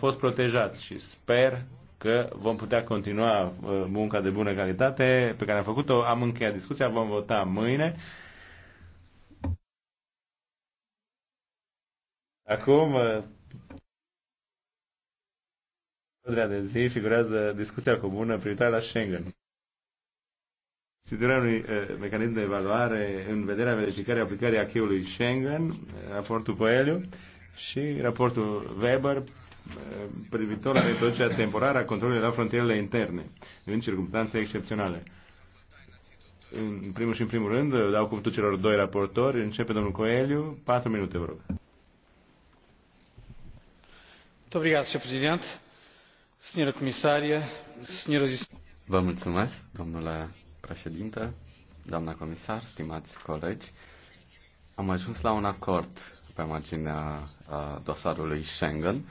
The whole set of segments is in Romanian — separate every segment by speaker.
Speaker 1: fost protejați și sper că vom putea continua uh, munca de bună calitate pe care am făcut-o. Am încheiat discuția, vom vota mâine. Acum, uh, ordinea de zi figurează discuția comună privitoare la Schengen. Situarea unui uh, mecanism de evaluare în vederea verificării aplicării acheului Schengen, raportul Poeliu, și raportul Weber eh, privitor la reducerea temporară a controlului la frontierele interne, în circunstanțe excepționale. În primul și în primul rând, dau cuvântul celor doi raportori. Începe domnul Coeliu. Patru minute, vă rog.
Speaker 2: Vă mulțumesc, domnule președinte, doamna comisar, stimați colegi. Am ajuns la un acord pe marginea dosarului Schengen,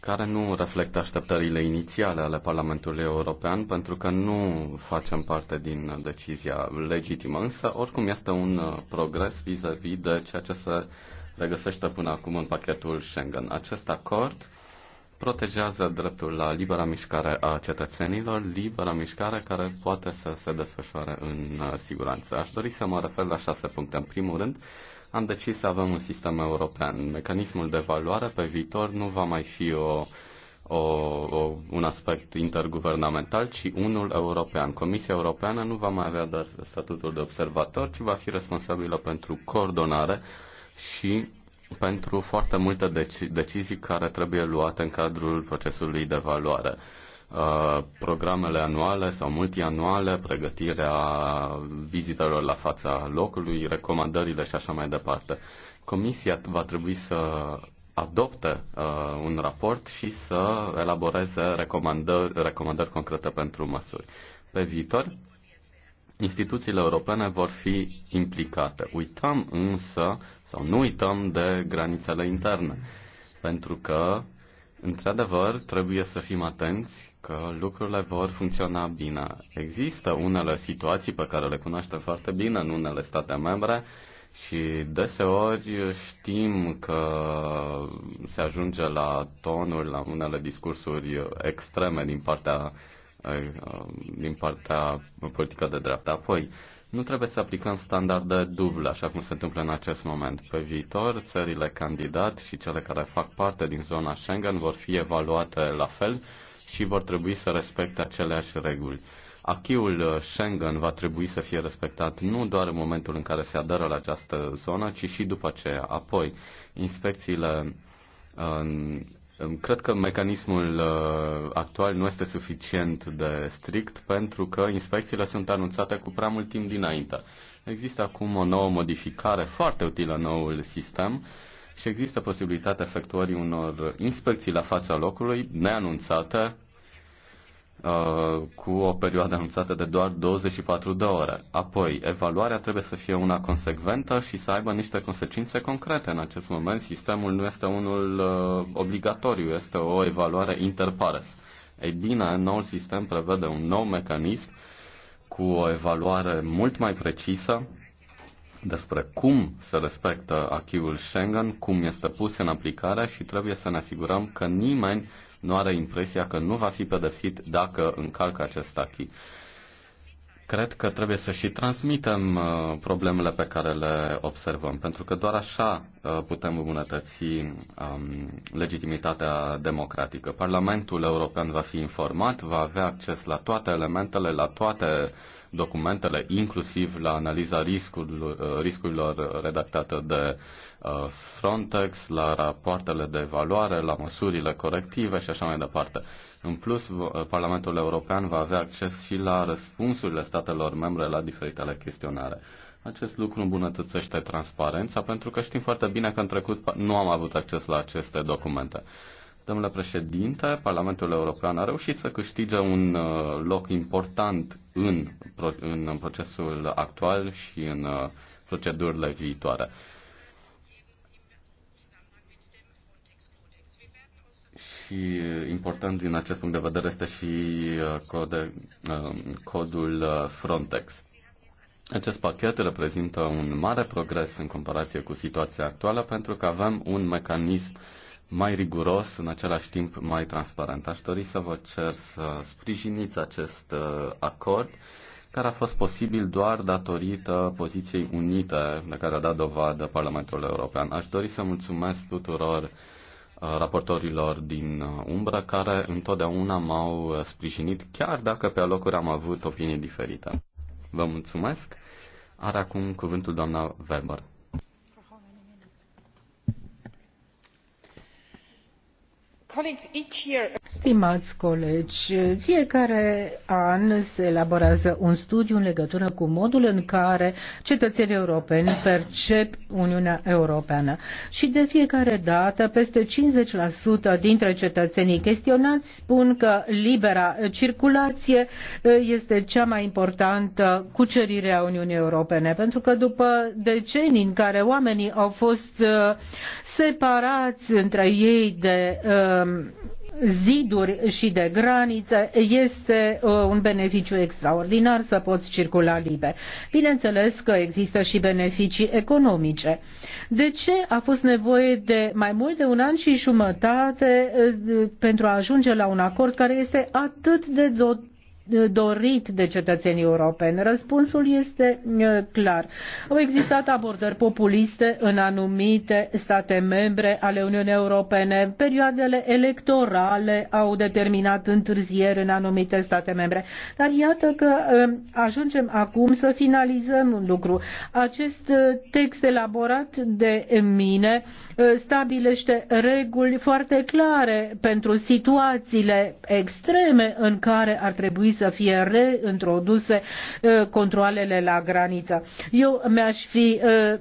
Speaker 2: care nu reflectă așteptările inițiale ale Parlamentului European, pentru că nu facem parte din decizia legitimă, însă oricum este un progres vis-a-vis -vis de ceea ce se regăsește până acum în pachetul Schengen. Acest acord protejează dreptul la libera mișcare a cetățenilor, libera mișcare care poate să se desfășoare în siguranță. Aș dori să mă refer la șase puncte. În primul rând, am decis să avem un sistem european. Mecanismul de valoare pe viitor nu va mai fi o, o, o, un aspect interguvernamental, ci unul european. Comisia Europeană nu va mai avea doar statutul de observator, ci va fi responsabilă pentru coordonare și pentru foarte multe deci- decizii care trebuie luate în cadrul procesului de evaluare. Uh, programele anuale sau multianuale, pregătirea vizitelor la fața locului, recomandările și așa mai departe. Comisia va trebui să adopte uh, un raport și să elaboreze recomandări, recomandări concrete pentru măsuri. Pe viitor, instituțiile europene vor fi implicate. Uităm însă, sau nu uităm de granițele interne, pentru că, într-adevăr, trebuie să fim atenți că lucrurile vor funcționa bine. Există unele situații pe care le cunoaștem foarte bine în unele state membre și deseori știm că se ajunge la tonuri, la unele discursuri extreme din partea, din partea politică de dreapta. Apoi, nu trebuie să aplicăm standarde duble, așa cum se întâmplă în acest moment. Pe viitor, țările candidat și cele care fac parte din zona Schengen vor fi evaluate la fel și vor trebui să respecte aceleași reguli. Achiul uh, Schengen va trebui să fie respectat nu doar în momentul în care se aderă la această zonă, ci și după aceea. Apoi, inspecțiile uh, Cred că mecanismul uh, actual nu este suficient de strict pentru că inspecțiile sunt anunțate cu prea mult timp dinainte. Există acum o nouă modificare foarte utilă în noul sistem și există posibilitatea efectuării unor inspecții la fața locului neanunțate uh, cu o perioadă anunțată de doar 24 de ore. Apoi, evaluarea trebuie să fie una consecventă și să aibă niște consecințe concrete. În acest moment, sistemul nu este unul uh, obligatoriu, este o evaluare interpares. Ei bine, noul sistem prevede un nou mecanism cu o evaluare mult mai precisă, despre cum se respectă acquis Schengen, cum este pus în aplicare și trebuie să ne asigurăm că nimeni nu are impresia că nu va fi pedepsit dacă încalcă acest acquis. Cred că trebuie să și transmitem uh, problemele pe care le observăm, pentru că doar așa uh, putem îmbunătăți um, legitimitatea democratică. Parlamentul European va fi informat, va avea acces la toate elementele, la toate documentele, inclusiv la analiza uh, riscurilor, redactate de uh, Frontex, la rapoartele de evaluare, la măsurile corective și așa mai departe. În plus, uh, Parlamentul European va avea acces și la răspunsurile statelor membre la diferitele chestionare. Acest lucru îmbunătățește transparența pentru că știm foarte bine că în trecut nu am avut acces la aceste documente. Domnule președinte, Parlamentul European a reușit să câștige un uh, loc important în, în procesul actual și în uh, procedurile viitoare. și important din acest punct de vedere este și uh, code, um, codul Frontex. Acest pachet reprezintă un mare progres în comparație cu situația actuală pentru că avem un mecanism uh, mai riguros, în același timp mai transparent. Aș dori să vă cer să sprijiniți acest uh, acord care a fost posibil doar datorită poziției unite de care a dat dovadă Parlamentul European. Aș dori să mulțumesc tuturor uh, raportorilor din uh, umbră care întotdeauna m-au sprijinit, chiar dacă pe alocuri am avut opinii diferite. Vă mulțumesc. Are acum cuvântul doamna Weber.
Speaker 3: Stimați colegi, fiecare an se elaborează un studiu în legătură cu modul în care cetățenii europeni percep Uniunea Europeană. Și de fiecare dată, peste 50% dintre cetățenii chestionați spun că libera circulație este cea mai importantă cucerire a Uniunii Europene, pentru că după decenii în care oamenii au fost separați între ei de uh, Um, ziduri și de granițe, este uh, un beneficiu extraordinar să poți circula liber. Bineînțeles că există și beneficii economice. De ce a fost nevoie de mai mult de un an și jumătate uh, pentru a ajunge la un acord care este atât de dorit de cetățenii europeni? Răspunsul este clar. Au existat abordări populiste în anumite state membre ale Uniunii Europene. Perioadele electorale au determinat întârzieri în anumite state membre. Dar iată că ajungem acum să finalizăm un lucru. Acest text elaborat de mine stabilește reguli foarte clare pentru situațiile extreme în care ar trebui să fie reintroduse uh, controlele la graniță. Eu mi-aș fi uh,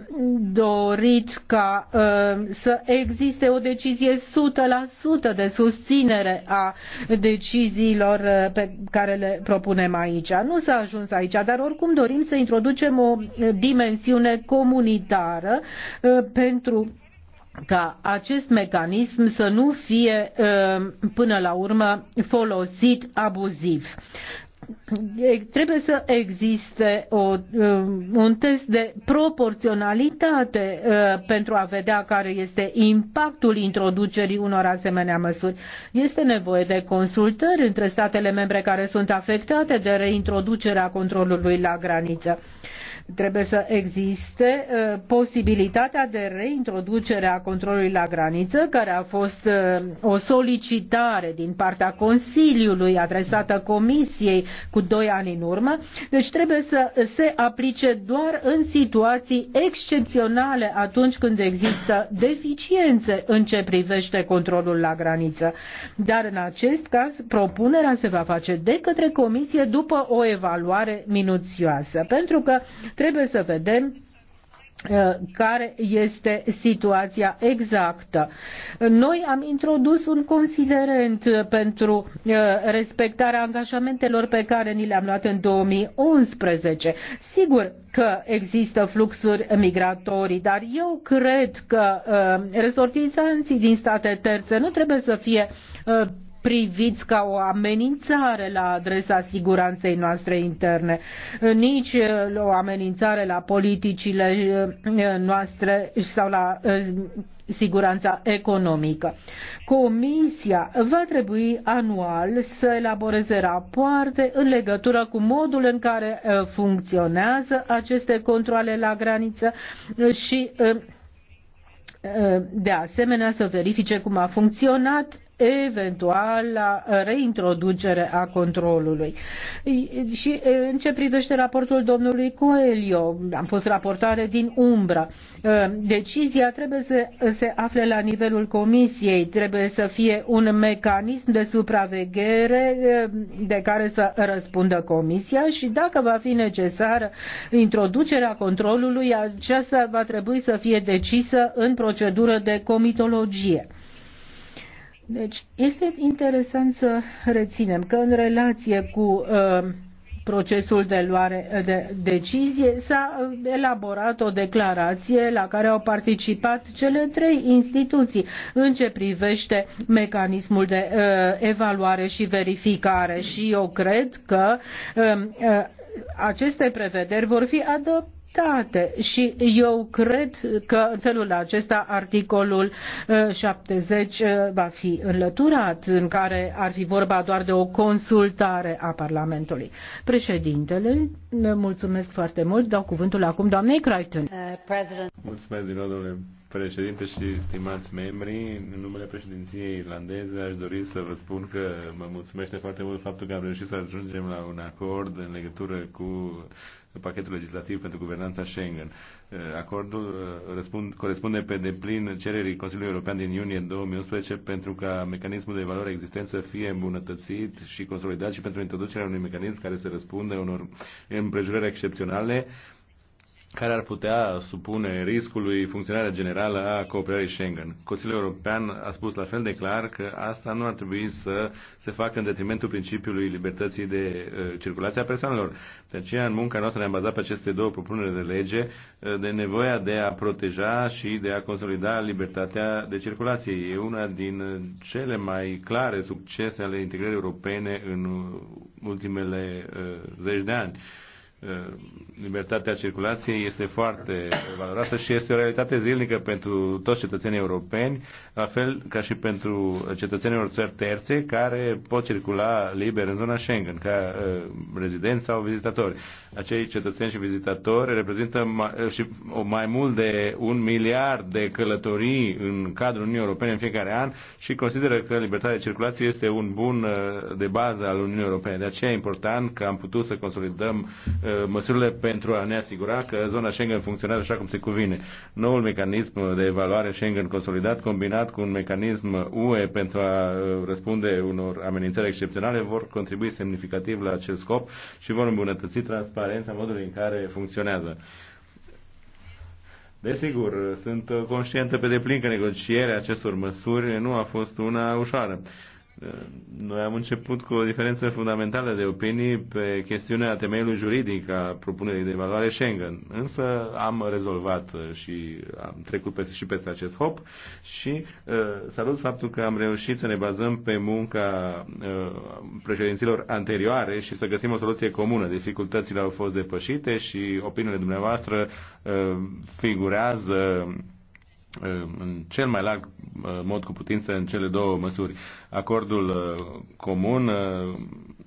Speaker 3: dorit ca uh, să existe o decizie 100% de susținere a deciziilor pe care le propunem aici. Nu s-a ajuns aici, dar oricum dorim să introducem o dimensiune comunitară pentru ca acest mecanism să nu fie uh, până la urmă folosit abuziv. Trebuie să existe o, uh, un test de proporționalitate uh, pentru a vedea care este impactul introducerii unor asemenea măsuri. Este nevoie de consultări între statele membre care sunt afectate de reintroducerea controlului la graniță trebuie să existe uh, posibilitatea de reintroducere a controlului la graniță, care a fost uh, o solicitare din partea Consiliului adresată Comisiei cu doi ani în urmă. Deci trebuie să se aplice doar în situații excepționale atunci când există deficiențe în ce privește controlul la graniță. Dar în acest caz propunerea se va face de către Comisie după o evaluare minuțioasă, pentru că Trebuie să vedem uh, care este situația exactă. Noi am introdus un considerent pentru uh, respectarea angajamentelor pe care ni le-am luat în 2011. Sigur că există fluxuri migratorii, dar eu cred că uh, resortizanții din state terțe nu trebuie să fie priviți ca o amenințare la adresa siguranței noastre interne, nici uh, o amenințare la politicile uh, noastre sau la uh, siguranța economică. Comisia va trebui anual să elaboreze rapoarte în legătură cu modul în care funcționează aceste controle la graniță și de asemenea să verifice cum a funcționat eventuala reintroducere a controlului. Și în ce privește raportul domnului Coelio, am fost raportare din umbră, decizia trebuie să se afle la nivelul comisiei, trebuie să fie un mecanism de supraveghere de care să răspundă comisia și dacă va fi necesară introducerea controlului, aceasta va trebui să fie decisă în procedură de comitologie. Deci este interesant să reținem că în relație cu uh, procesul de luare de decizie, s-a uh, elaborat o declarație la care au participat cele trei instituții în ce privește mecanismul de uh, evaluare și verificare și eu cred că um, uh, aceste prevederi vor fi adoptate dreptate și eu cred că în felul acesta articolul 70 uh, uh, va fi înlăturat, în care ar fi vorba doar de o consultare a Parlamentului. Președintele, mulțumesc foarte mult, dau cuvântul acum doamnei Crichton. Uh, president.
Speaker 1: Mulțumesc din nou, domnule președinte și stimați membri, în numele președinției irlandeze aș dori să vă spun că mă mulțumește foarte mult faptul că am reușit să ajungem la un acord în legătură cu pachetul legislativ pentru guvernanța Schengen. Eh, acordul eh, răspund, corespunde pe deplin cererii Consiliului European din iunie 2011 pentru ca mecanismul de valoare existență să fie îmbunătățit și consolidat și pentru introducerea unui mecanism care să răspundă unor împrejurări excepționale care ar putea supune riscului funcționarea generală a cooperării Schengen. Consiliul European a spus la fel de clar că asta nu ar trebui să se facă în detrimentul principiului libertății de uh, circulație a persoanelor. De aceea, în munca noastră ne-am bazat pe aceste două propuneri de lege uh, de nevoia de a proteja și de a consolida libertatea de circulație. E una din cele mai clare succese ale integrării europene în ultimele uh, zeci de ani. Uh, Eh, libertatea circulației este foarte valoroasă și este o realitate zilnică pentru toți cetățenii europeni, la fel ca și pentru cetățenii unor țări terțe care pot circula liber în zona Schengen, ca eh, rezidenți sau vizitatori. Acei cetățeni și vizitatori reprezintă eh, și mai mult de un miliard de călătorii în cadrul Uniunii Europene în fiecare an și consideră că libertatea de circulație este un bun de bază al Uniunii Europene. De aceea e important că am putut să consolidăm Uh, măsurile pentru a ne asigura că zona Schengen funcționează așa cum se cuvine. Noul mecanism de evaluare Schengen consolidat, combinat cu un mecanism UE pentru a uh, răspunde unor amenințări excepționale, vor contribui semnificativ la acest scop și vor îmbunătăți transparența modului în care funcționează. Desigur, sunt conștientă pe deplin că negocierea acestor măsuri nu a fost una ușoară. Noi am început cu o diferență fundamentală de opinii pe chestiunea temeiului juridic a propunerii de evaluare Schengen. Însă am rezolvat uh, și am trecut peste, și peste acest hop și uh, salut faptul că am reușit să ne bazăm pe munca uh, președinților anterioare și să găsim o soluție comună. Dificultățile au fost depășite și opiniile dumneavoastră uh, figurează Uh, în cel mai larg uh, mod cu putință în cele două măsuri. Acordul uh, comun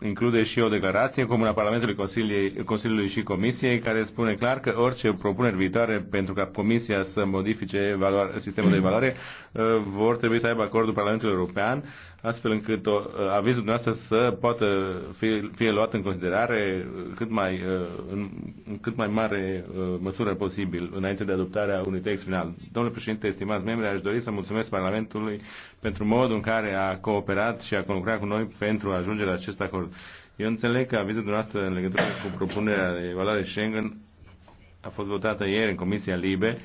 Speaker 1: include și o declarație comună a Parlamentului Consiliului, Consiliului și Comisiei care spune clar că orice propuneri viitoare pentru ca Comisia să modifice evaluare, sistemul de evaluare uh, vor trebui să aibă acordul Parlamentului European astfel încât o, uh, avizul dumneavoastră să poată fi, fie luat în considerare cât mai, uh, în, în cât mai mare măsură posibil înainte de adoptarea unui text final. Domnule președinte, estimați membri, aș dori să mulțumesc Parlamentului pentru modul în care a cooperat și a conlucrat cu noi pentru a ajunge la acest acord. Eu înțeleg că avizul dumneavoastră în legătură cu propunerea de evaluare Schengen a fost votată ieri în Comisia Libe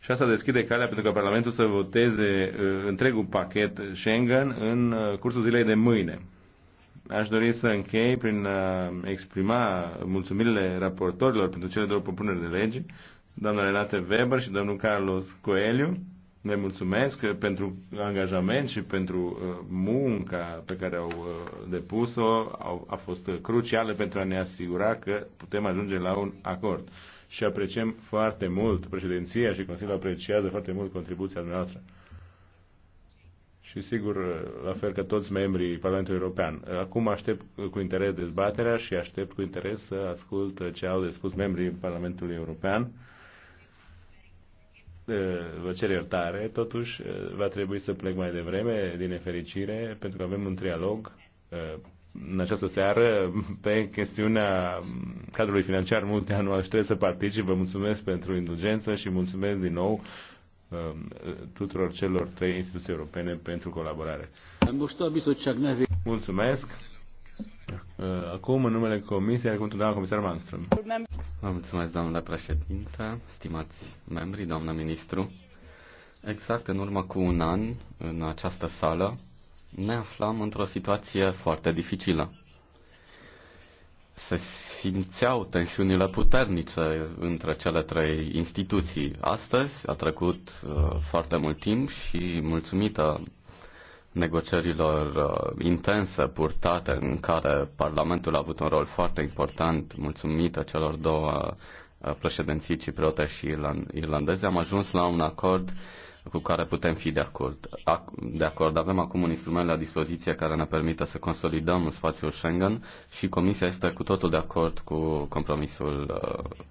Speaker 1: și asta deschide calea pentru ca Parlamentul să voteze uh, întregul pachet Schengen în uh, cursul zilei de mâine. Aș dori să închei prin a exprima mulțumirile raportorilor pentru cele două propuneri de lege, doamna Renate Weber și domnul Carlos Coelho ne mulțumesc eh, pentru angajament și pentru eh, munca pe care au eh, depus-o. A fost crucială pentru a ne asigura că putem ajunge la un acord. Și apreciem foarte mult președinția și Consiliul apreciază foarte mult contribuția noastră. Și sigur, la fel ca toți membrii Parlamentului European. Acum aștept cu interes dezbaterea și aștept cu interes să ascult ce au de spus membrii Parlamentului European. Eh, vă cer iertare, totuși eh, va trebui să plec mai devreme, din nefericire, pentru că avem un trialog eh, în această seară pe chestiunea cadrului financiar multianual și trebuie să particip. Vă mulțumesc pentru indulgență și mulțumesc din nou tuturor celor trei instituții europene pentru colaborare.
Speaker 2: Mulțumesc! Da. Uh, acum, în numele Comisiei, are cuvântul doamna comisar Manström. Vă mulțumesc, domnule președinte, stimați membri, doamnă ministru. Exact în urmă cu un an, în această sală, ne aflam într-o situație foarte dificilă. Se simțeau tensiunile puternice între cele trei instituții. Astăzi a trecut uh, foarte mult timp și, mulțumită negocierilor uh, intense purtate în care Parlamentul a avut un rol foarte important, mulțumită celor două uh, președinții cipriote și irlandeze, am ajuns la un acord cu care putem fi de acord. De acord. Avem acum un instrument la dispoziție care ne permite să consolidăm în spațiul Schengen și Comisia este cu totul de acord cu compromisul uh,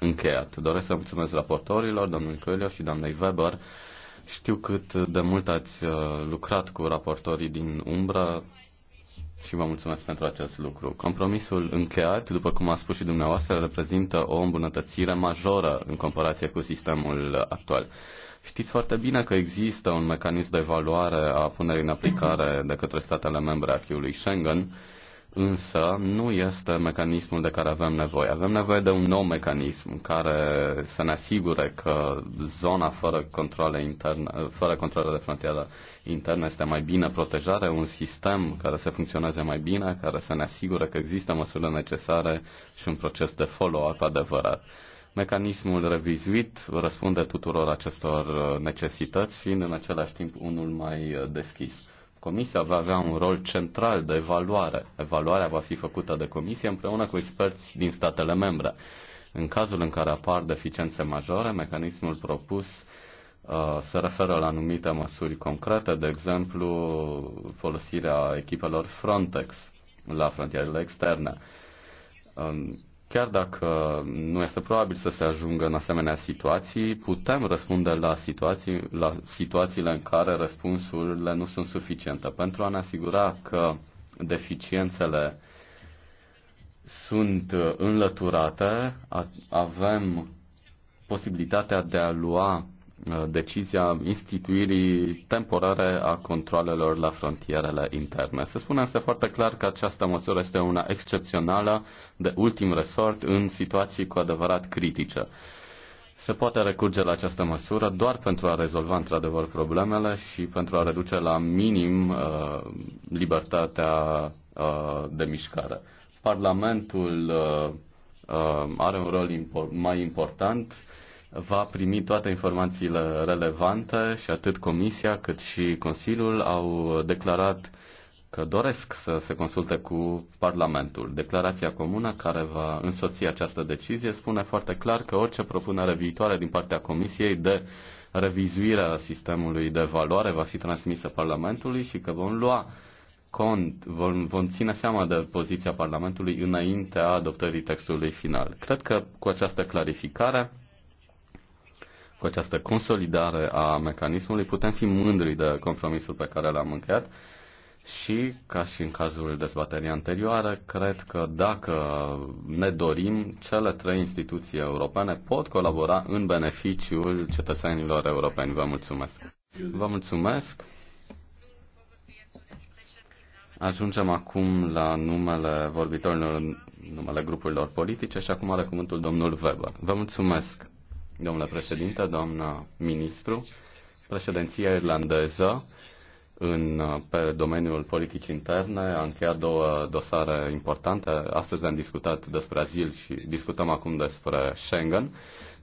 Speaker 2: încheiat. Doresc să mulțumesc raportorilor, domnul Coelho și doamnei Weber, știu cât de mult ați uh, lucrat cu raportorii din umbră și vă mulțumesc pentru acest lucru. Compromisul încheiat, după cum a spus și dumneavoastră, reprezintă o îmbunătățire majoră în comparație cu sistemul actual. Știți foarte bine că există un mecanism de evaluare a punerii în aplicare de către statele membre a fiului Schengen, însă nu este mecanismul de care avem nevoie. Avem nevoie de un nou mecanism care să ne asigure că zona fără controle, interne, fără controle de frontieră interne este mai bine protejare, un sistem care să funcționeze mai bine, care să ne asigure că există măsurile necesare și un proces de follow-up adevărat. Mecanismul revizuit răspunde tuturor acestor necesități, fiind în același timp unul mai deschis. Comisia va avea un rol central de evaluare. Evaluarea va fi făcută de comisie împreună cu experți din statele membre. În cazul în care apar deficiențe majore, mecanismul propus uh, se referă la anumite măsuri concrete, de exemplu folosirea echipelor Frontex la frontierele externe. Um, Chiar dacă nu este probabil să se ajungă în asemenea situații, putem răspunde la, situații, la situațiile în care răspunsurile nu sunt suficiente. Pentru a ne asigura că deficiențele sunt înlăturate, avem posibilitatea de a lua Uh, decizia instituirii temporare a controlelor la frontierele interne. Se spune însă foarte clar că această măsură este una excepțională de ultim resort în situații cu adevărat critice. Se poate recurge la această măsură doar pentru a rezolva într-adevăr problemele și pentru a reduce la minim uh, libertatea uh, de mișcare. Parlamentul uh, uh, are un rol impor- mai important uh, va primi toate informațiile relevante și atât Comisia cât și Consiliul au declarat că doresc să se consulte cu Parlamentul. Declarația comună care va însoți această decizie spune foarte clar că orice propunere viitoare din partea Comisiei de revizuire a sistemului de valoare va fi transmisă Parlamentului și că vom lua cont, vom, vom ține seama de poziția Parlamentului înaintea adoptării textului final. Cred că cu această clarificare cu această consolidare a mecanismului, putem fi mândri de compromisul pe care l-am încheiat și, ca și în cazul dezbaterii anterioare, cred că dacă ne dorim, cele trei instituții europene pot colabora în beneficiul cetățenilor europeni. Vă mulțumesc! Vă mulțumesc! Ajungem acum la numele vorbitorilor, numele grupurilor politice și acum are cuvântul domnul Weber. Vă mulțumesc! domnule președinte, doamnă ministru. Președinția irlandeză în, pe domeniul politicii interne a încheiat două dosare importante. Astăzi am discutat despre azil și discutăm acum despre Schengen.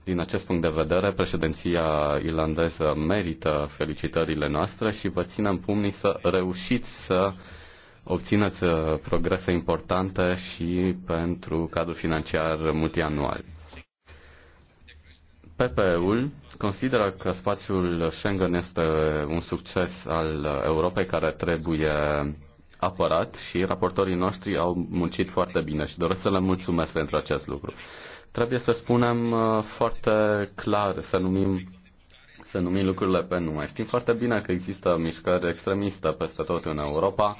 Speaker 2: Din acest punct de vedere, președinția irlandeză merită felicitările noastre și vă ținem pumnii să reușiți să obțineți uh, progrese importante și pentru cadrul financiar multianual. PPE-ul consideră că spațiul Schengen este un succes al Europei care trebuie apărat și raportorii noștri au muncit foarte bine și doresc să le mulțumesc pentru acest lucru. Trebuie să spunem uh, foarte clar, să numim să numim lucrurile pe nume. Știm foarte bine că există mișcări extremiste peste tot în Europa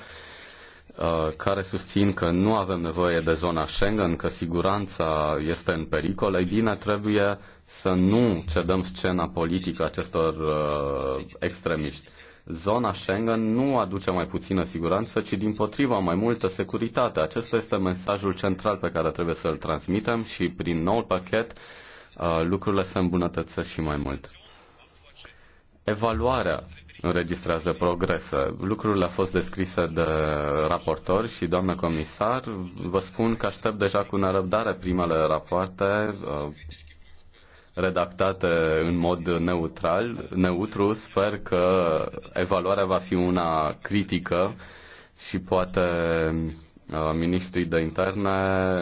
Speaker 2: Uh, care susțin că nu avem nevoie de zona Schengen, că siguranța este în pericol, ei bine, trebuie să nu cedăm scena politică acestor uh, extremiști. Zona Schengen nu aduce mai puțină siguranță, ci din potriva mai multă securitate. Acesta este mesajul central pe care trebuie să-l transmitem și prin noul pachet uh, lucrurile se îmbunătățesc și mai mult. Evaluarea înregistrează progrese. Lucrul a fost descrise de raportor și doamnă comisar. Vă spun că aștept deja cu nerăbdare primele rapoarte uh, redactate în mod neutral, neutru. Sper că evaluarea va fi una critică și poate uh, ministrii de interne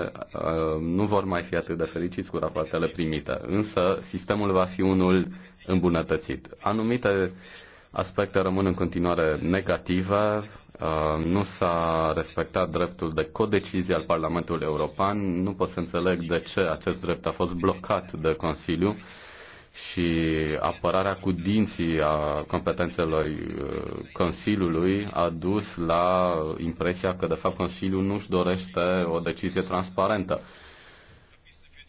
Speaker 2: uh, nu vor mai fi atât de fericiți cu rapoartele primite, însă sistemul va fi unul îmbunătățit. Anumite aspecte rămân în continuare negative. Uh, nu s-a respectat dreptul de codecizie al Parlamentului European. Nu pot să înțeleg de ce acest drept a fost blocat de Consiliu și apărarea cu dinții a competențelor uh, Consiliului a dus la impresia că, de fapt, Consiliul nu-și dorește o decizie transparentă.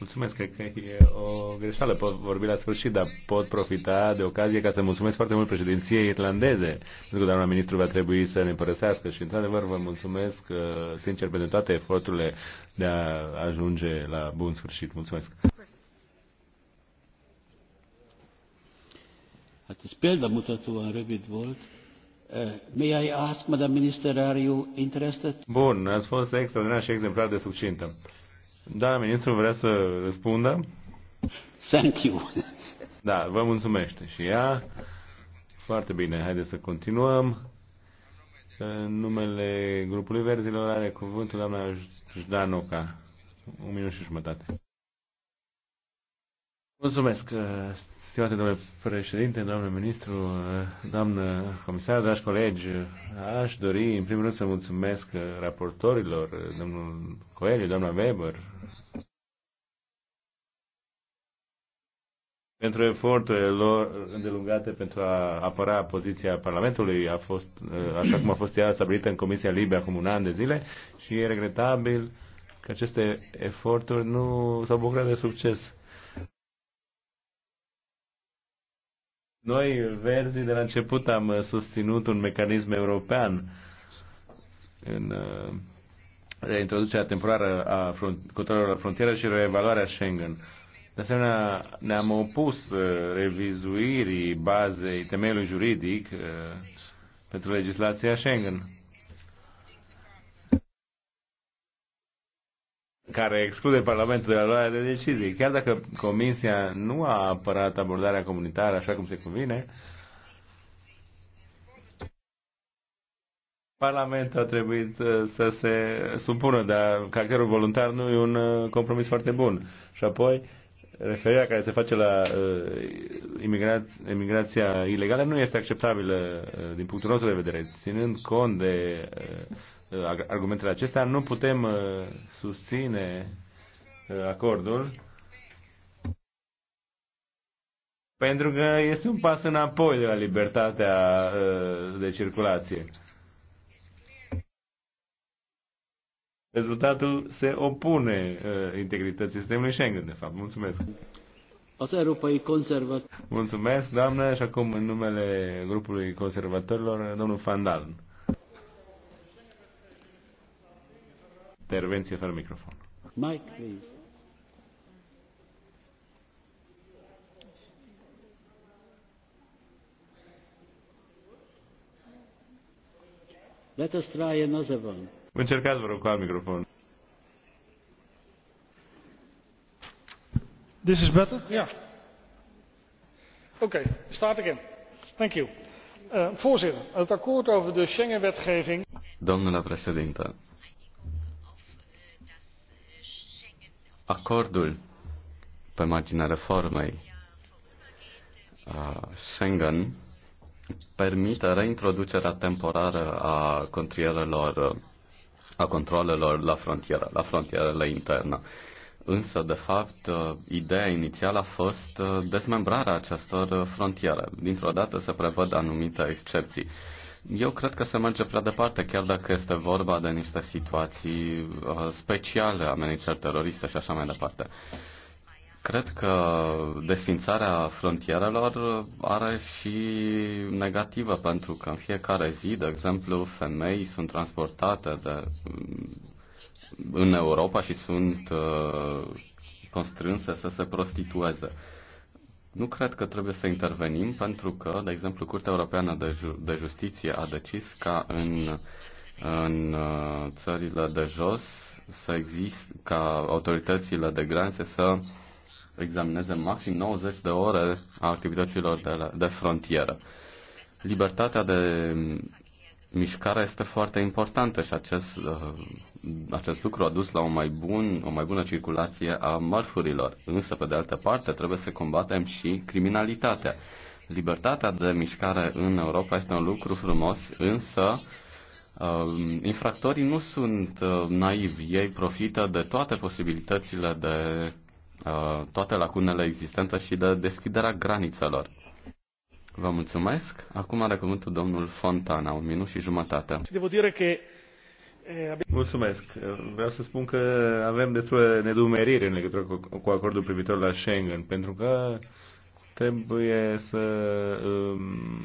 Speaker 1: Mulțumesc, cred că e o greșeală, pot vorbi la sfârșit, dar pot profita de ocazie ca să mulțumesc foarte mult președinției irlandeze, pentru că doamna ministru va trebui să ne părăsească și, într-adevăr, vă mulțumesc uh, sincer pentru toate eforturile de a ajunge la bun sfârșit. Mulțumesc!
Speaker 2: Hát ez példamutatóan
Speaker 4: rövid volt. Eh, may I ask, Madam Minister, are you interested?
Speaker 1: Bun, ați fost extraordinar și exemplar de succintă. Da, ministrul vrea să răspundă. Thank you. Da, vă mulțumesc și ea. Foarte bine, haideți să continuăm. În numele grupului verzilor are cuvântul doamna Jdanoca. Un minut și jumătate. Mulțumesc, Stimate domnule președinte, domnule ministru, doamnă comisar, dragi colegi, aș dori în primul rând să mulțumesc raportorilor, domnul Coelho, doamna Weber, pentru eforturile lor îndelungate pentru a apăra poziția Parlamentului, a fost, așa cum a fost ea stabilită în Comisia Libe acum un an de zile și e regretabil că aceste eforturi nu s-au bucurat de succes. Noi, verzii, de la început am uh, susținut un mecanism european în uh, reintroducerea temporară a controlelor la frontieră și reevaluarea Schengen. De asemenea, ne-am opus uh, revizuirii bazei temeiului juridic pentru legislația Schengen. care exclude Parlamentul de la luarea de decizii. Chiar dacă Comisia nu a apărat abordarea comunitară așa cum se cuvine, Parlamentul a trebuit uh, să se supună, dar caracterul voluntar nu e un uh, compromis foarte bun. Și apoi, referirea care se face la uh, imigra- imigrația ilegală nu este acceptabilă uh, din punctul nostru de vedere. Ținând cont de uh, argumentele acestea, nu putem uh, susține uh, acordul pentru că este un pas înapoi de la libertatea uh, de circulație. rezultatul se opune uh, integrității sistemului Schengen, de fapt. Mulțumesc! Mulțumesc, doamnă, și acum în numele grupului conservatorilor, domnul Fandal. Intervenție fără microfon. Mike,
Speaker 4: please. Let us try another one.
Speaker 1: Încercați, vă rog, cu alt microfon.
Speaker 2: This is better?
Speaker 4: Yeah. Oké, okay, start again. Thank you. Uh, voorzitter, het akkoord over de Schengen-wetgeving.
Speaker 2: Domnule președinte, acordul pe marginea reformei uh, Schengen permite reintroducerea temporară a contrierelor a controlelor la frontieră, la frontierele interne. Însă, de fapt, ideea inițială a fost uh, dezmembrarea acestor frontiere. Dintr-o dată se prevăd anumite excepții. Eu cred că se merge prea departe, chiar dacă este vorba de niște situații uh, speciale, amenințări teroriste și așa mai departe. Cred că desfințarea frontierelor are și negativă, pentru că în fiecare zi, de exemplu, femei sunt transportate de, în Europa și sunt uh, constrânse să se prostitueze. Nu cred că trebuie să intervenim, pentru că, de exemplu, Curtea Europeană de, Ju- de Justiție a decis ca în, în uh, țările de jos să exist, ca autoritățile de granțe să uh, examineze maxim 90 de ore a activităților de, la, de frontieră. Libertatea de mișcare este foarte importantă și acest, uh, acest lucru a dus la o mai, bun, o mai bună circulație a mărfurilor. Însă, pe de altă parte, trebuie să combatem și criminalitatea. Libertatea de mișcare în Europa este un lucru frumos, însă uh, infractorii nu sunt uh, naivi, ei profită de toate posibilitățile de Uh, toate lacunele existente și de deschiderea granițelor. Vă mulțumesc. Acum are cuvântul domnul Fontana, un minut și jumătate.
Speaker 1: Eh, mulțumesc. Vreau să spun că avem de nedumerire în legătură cu acordul privitor la Schengen, pentru că trebuie să um,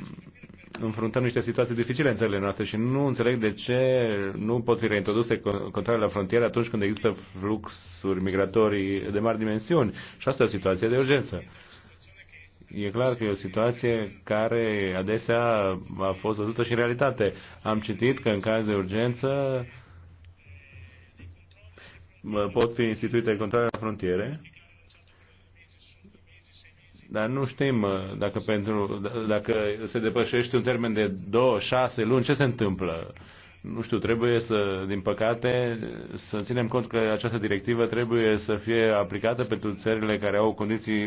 Speaker 1: înfruntăm niște situații dificile în țările noastre și nu înțeleg de ce nu pot fi reintroduse controle la frontieră atunci când există fluxuri migratorii de mari dimensiuni. Și asta e o situație de urgență. E clar că e o situație care adesea a fost văzută și în realitate. Am citit că în caz de urgență uh, pot fi instituite controle la frontiere dar nu știm uh, dacă, pentru, dacă se depășește un termen de 2-6 luni, ce se întâmplă? nu știu, trebuie să, din păcate, să ținem cont că această directivă trebuie să fie aplicată pentru țările care au condiții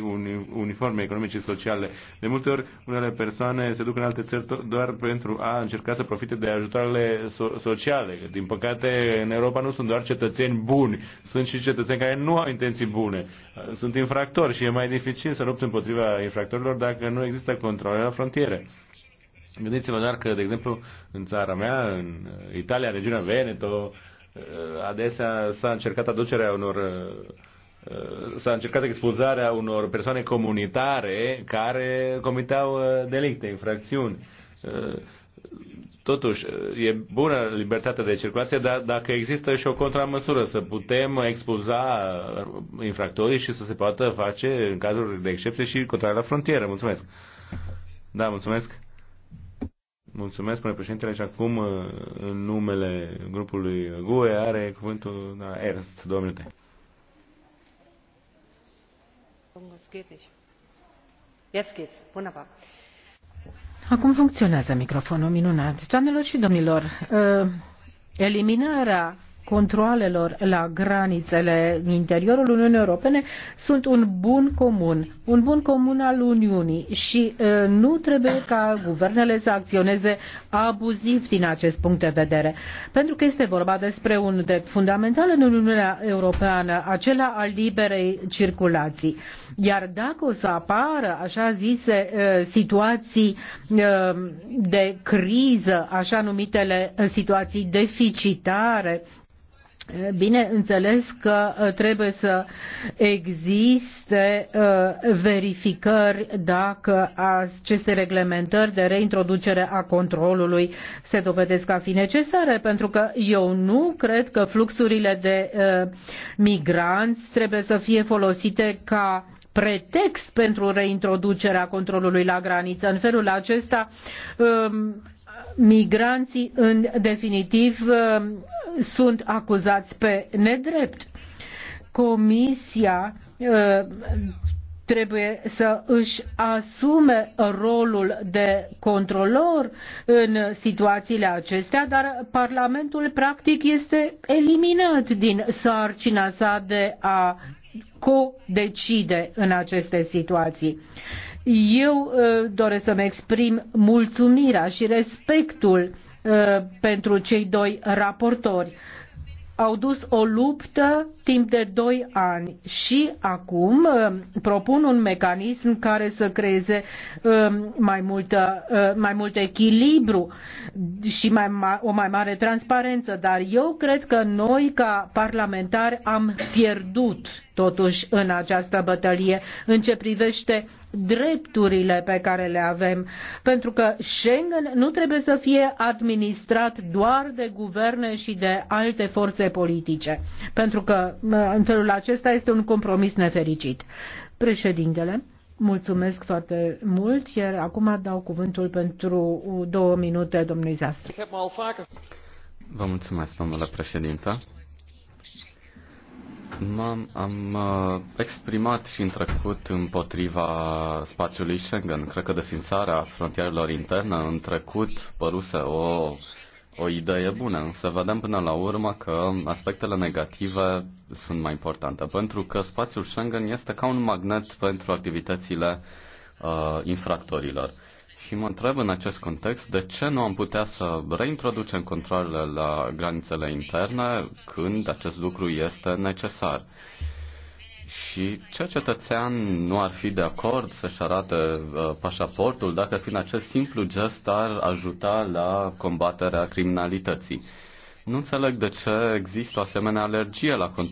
Speaker 1: uniforme economice și sociale. De multe ori, unele persoane se duc în alte țări doar pentru a încerca să profite de ajutoarele so- sociale. Din păcate, în Europa nu sunt doar cetățeni buni, sunt și cetățeni care nu au intenții bune. Sunt infractori și e mai dificil să lupți împotriva infractorilor dacă nu există controle la frontiere. Gândiți-vă doar că, de exemplu, în țara mea, în uh, Italia, în regiunea Veneto, uh, adesea s-a încercat aducerea unor uh, s-a încercat expulzarea unor persoane comunitare care comiteau delicte, infracțiuni. Totuși, e bună libertatea de circulație, dar dacă există și o contramăsură, să putem expulza infractorii și să se poată face, în cazuri de excepție, și controlarea la frontieră. Mulțumesc! Da, mulțumesc! Mulțumesc, spune președintele, și acum uh, în numele grupului GUE are cuvântul da, Ernst, două minute.
Speaker 3: Acum funcționează microfonul minunat. Doamnelor și domnilor, uh, eliminarea controalelor la granițele în interiorul Uniunii Europene sunt un bun comun, un bun comun al Uniunii și uh, nu trebuie ca guvernele să acționeze abuziv din acest punct de vedere. Pentru că este vorba despre un drept fundamental în Uniunea Europeană, acela al liberei circulații. Iar dacă o să apară așa zise uh, situații uh, de criză, așa numitele situații deficitare, Bineînțeles că uh, trebuie să existe uh, verificări dacă aceste reglementări de reintroducere a controlului se dovedesc a fi necesare, pentru că eu nu cred că fluxurile de uh, migranți trebuie să fie folosite ca pretext pentru reintroducerea controlului la graniță. În felul acesta um, migranții în definitiv uh, sunt acuzați pe nedrept. Comisia uh, trebuie să își asume rolul de controlor în situațiile acestea, dar Parlamentul practic este eliminat din sarcina sa de a codecide în aceste situații. Eu uh, doresc să-mi exprim mulțumirea și respectul uh, pentru cei doi raportori. Au dus o luptă timp de doi ani și acum uh, propun un mecanism care să creeze uh, mai, multă, uh, mai mult echilibru și mai, o mai mare transparență, dar eu cred că noi ca parlamentari am pierdut totuși în această bătălie în ce privește drepturile pe care le avem, pentru că Schengen nu trebuie să fie administrat doar de guverne și de alte forțe politice, pentru că în felul acesta este un compromis nefericit. Președintele, mulțumesc foarte mult, iar acum dau cuvântul pentru două minute domnului Zastru.
Speaker 2: Vă mulțumesc, domnule președinte. M-am am, uh, exprimat și în trecut împotriva spațiului Schengen. Cred că desfințarea frontierelor interne în trecut păruse o o idee bună, Să vedem până la urmă că aspectele negative sunt mai importante, pentru că spațiul Schengen este ca un magnet pentru activitățile uh, infractorilor. Și mă întreb în acest context de ce nu am putea să reintroducem controlele la granițele interne când acest lucru este necesar. Și ce cetățean nu ar fi de acord să-și arate uh, pașaportul dacă prin acest simplu gest ar ajuta la combaterea criminalității? Nu înțeleg de ce există o asemenea alergie la, uh,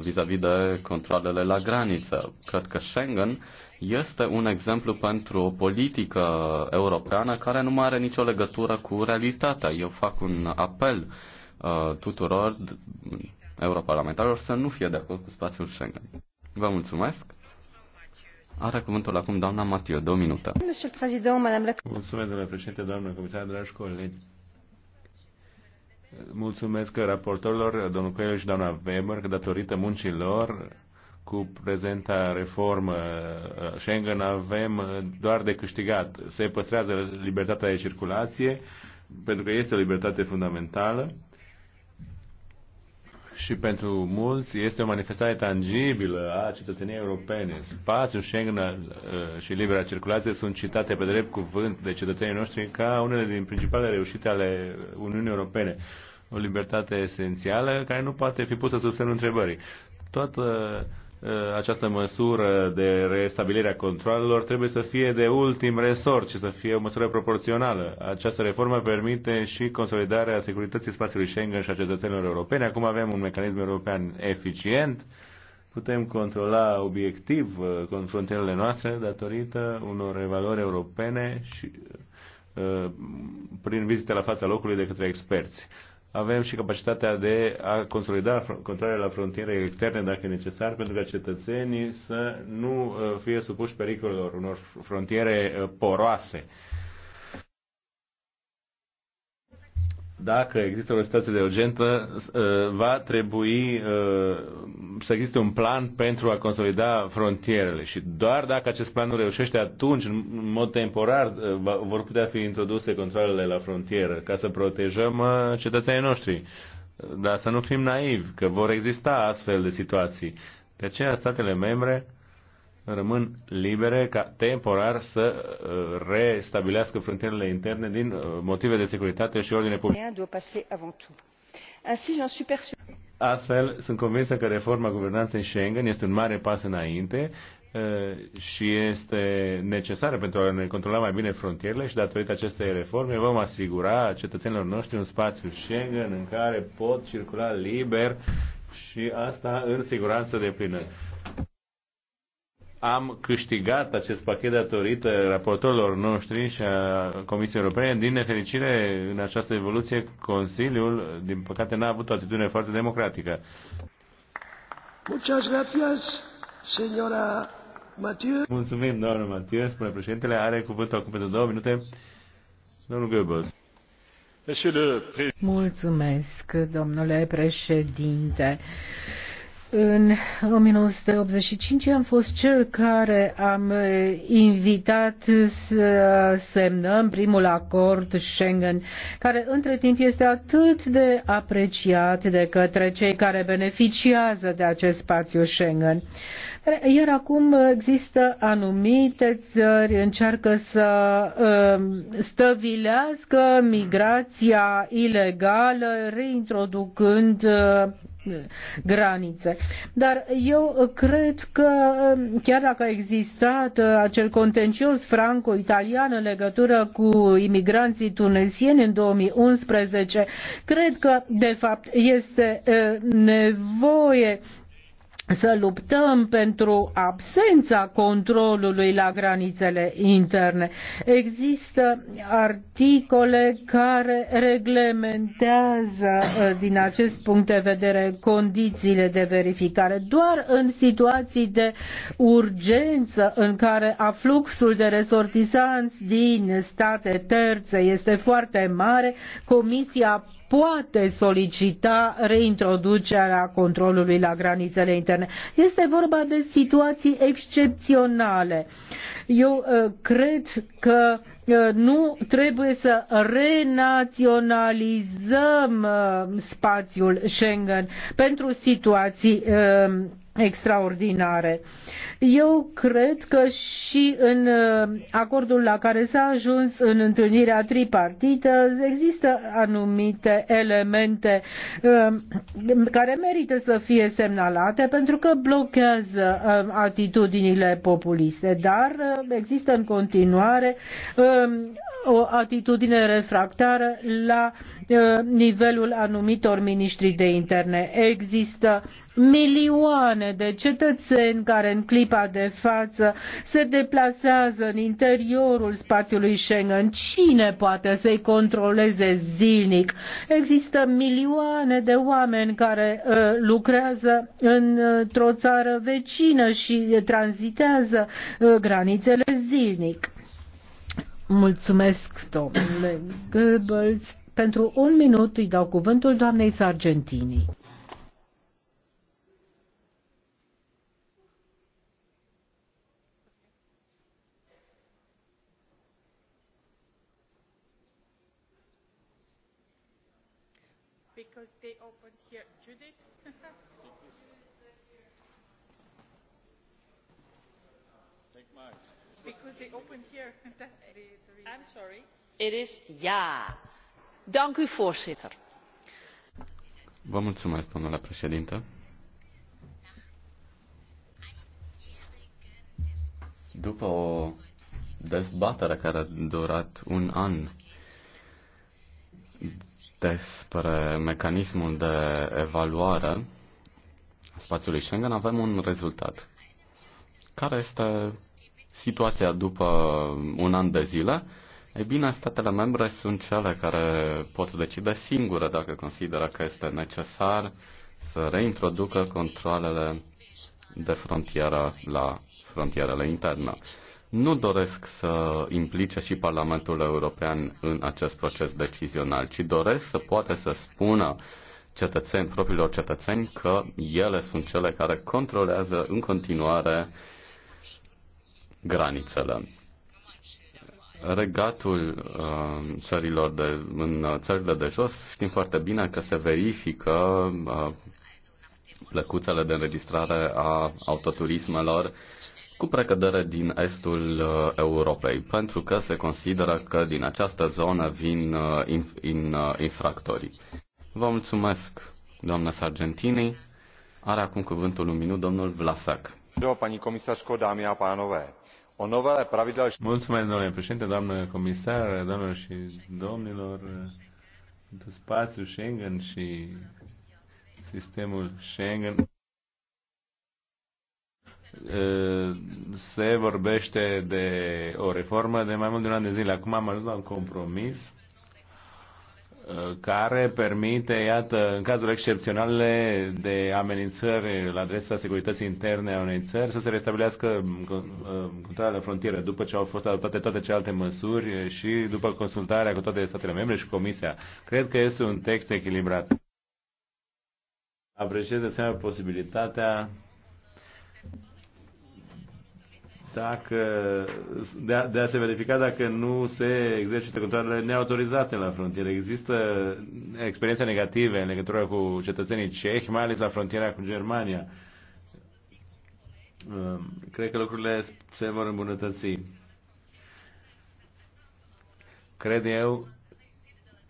Speaker 2: vis-a-vis -vis de controlele la graniță. Cred că Schengen este un exemplu pentru o politică europeană care nu mai are nicio legătură cu realitatea. Eu fac un apel uh, tuturor europarlamentarilor să nu fie de acord cu spațiul Schengen. Vă mulțumesc. Are cuvântul acum doamna Matiu, două minute. Mulțumesc, domnule președinte,
Speaker 1: doamnă comisar, dragi colegi. Mulțumesc raportorilor, domnul Coelho și doamna Weber, că datorită lor cu prezenta reformă uh, Schengen avem uh, doar de câștigat. Se păstrează libertatea de circulație, pentru că este o libertate fundamentală și pentru mulți este o manifestare tangibilă a cetățeniei europene. Spațiul Schengen uh, și libera circulație sunt citate pe drept cuvânt de cetățenii noștri ca unele din principalele reușite ale Uniunii Europene. O libertate esențială care nu poate fi pusă sub semnul întrebării. Toată Uh, această măsură de restabilire a controlelor trebuie să fie de ultim resort și să fie o măsură proporțională. Această reformă permite și consolidarea securității spațiului Schengen și a cetățenilor europene. Acum avem un mecanism european eficient, putem controla obiectiv uh, frontierele noastre datorită unor valori europene și uh, prin vizite la fața locului de către experți avem și capacitatea de a consolida controlele la frontiere externe, dacă e necesar, pentru ca cetățenii să nu uh, fie supuși pericolelor unor frontiere uh, poroase. dacă există o situație de urgentă, uh, va trebui uh, să existe un plan pentru a consolida frontierele și doar dacă acest plan nu reușește, atunci, în mod temporar, uh, vor putea fi introduse controlele la frontieră ca să protejăm cetățenii noștri. Dar să nu fim naivi că vor exista astfel de situații. De aceea, statele membre rămân libere ca temporar să uh, restabilească frontierele interne din uh, motive de securitate și ordine publică. Astfel, sunt convinsă că reforma guvernanței Schengen este un mare pas înainte uh, și este necesară pentru a ne controla mai bine frontierele și datorită acestei reforme vom asigura cetățenilor noștri un spațiu Schengen în care pot circula liber și asta în siguranță de plină am câștigat acest pachet datorită raportorilor noștri și a Comisiei Europene. Din nefericire, în această evoluție, Consiliul, din păcate, n-a avut o atitudine foarte democratică.
Speaker 4: Muchas gracias, señora
Speaker 1: Mathieu. Mulțumim, doamnă Mathieu. Spune președintele, are cuvântul acum pentru două minute. Domnul Goebbels.
Speaker 3: Mulțumesc, domnule președinte. În 1985 am fost cel care am eh, invitat să semnăm primul acord Schengen, care între timp este atât de apreciat de către cei care beneficiază de acest spațiu Schengen. Eh, iar acum există anumite țări încearcă să eh, stăvilească migrația ilegală, reintroducând granițe. Dar eu uh, cred că um, chiar dacă a existat uh, acel contencios franco-italian în legătură cu imigranții tunezieni în 2011, cred că de fapt este uh, nevoie să luptăm pentru absența controlului la granițele interne. Există articole care reglementează uh, din acest punct de vedere condițiile de verificare doar în situații de urgență în care afluxul de resortisanți din state terțe este foarte mare, Comisia poate solicita reintroducerea controlului la granițele interne probleme. Este vorba de situații excepționale. Eu uh, cred că uh, nu trebuie să renaționalizăm uh, spațiul Schengen pentru situații extraordinare. Eu cred că și în uh, acordul la care s-a ajuns în întâlnirea tripartită există anumite elemente uh, care merită să fie semnalate pentru că blochează uh, atitudinile populiste, dar există în continuare o atitudine refractară la Eh, nivelul anumitor miniștri de interne. Există milioane de cetățeni care în clipa de față se deplasează în interiorul spațiului Schengen. Cine poate să-i controleze zilnic? Există milioane de oameni care uh, lucrează într-o țară vecină și tranzitează uh, granițele zilnic. Mulțumesc, domnule Goebbels. Pentru un minut îi dau cuvântul doamnei Sargentini.
Speaker 5: because they opened here. Judith? Take my. Because they opened here.
Speaker 6: That's the, the reason.
Speaker 5: I'm sorry. It is yeah
Speaker 2: vă mulțumesc domnule președinte după o dezbatere care a durat un an despre mecanismul de evaluare a spațiului Schengen avem un rezultat. Care este situația după un an de zile? Ei bine, statele membre sunt cele care pot decide singure dacă consideră că este necesar să reintroducă controlele de frontieră la frontierele interne. Nu doresc să implice și Parlamentul European în acest proces decizional, ci doresc să poată să spună cetățeni, propriilor cetățeni, că ele sunt cele care controlează în continuare granițele regatul uh, țărilor de, în țările de jos știm foarte bine că se verifică uh, plăcuțele de înregistrare a autoturismelor cu precădere din estul uh, Europei, pentru că se consideră că din această zonă vin uh, in, in, uh, infractorii. Vă mulțumesc, doamna Sargentini. Are acum cuvântul un minut domnul Vlasac.
Speaker 6: Pani comisar Școda, a panove.
Speaker 2: Mulțumesc, domnule președinte, doamnă comisar, domnilor și
Speaker 1: domnilor, pentru spațiul Schengen și sistemul Schengen eh, se vorbește de o reformă de mai mult de un an de zile. Acum am ajuns la un compromis care permite, iată, în cazuri excepționale de amenințări la adresa securității interne a unei țări, să se restabilească uh, controlul la frontieră după ce au fost adoptate toate celelalte măsuri și după consultarea cu toate statele membre și Comisia. Cred că este un text echilibrat. Apreciez de asemenea posibilitatea dacă, de, a, de a se verifica dacă nu se exercită controlele neautorizate la frontieră. Există experiențe negative în legătură cu cetățenii cehi, mai ales la frontiera cu Germania. Um, cred că lucrurile se vor îmbunătăți. Cred eu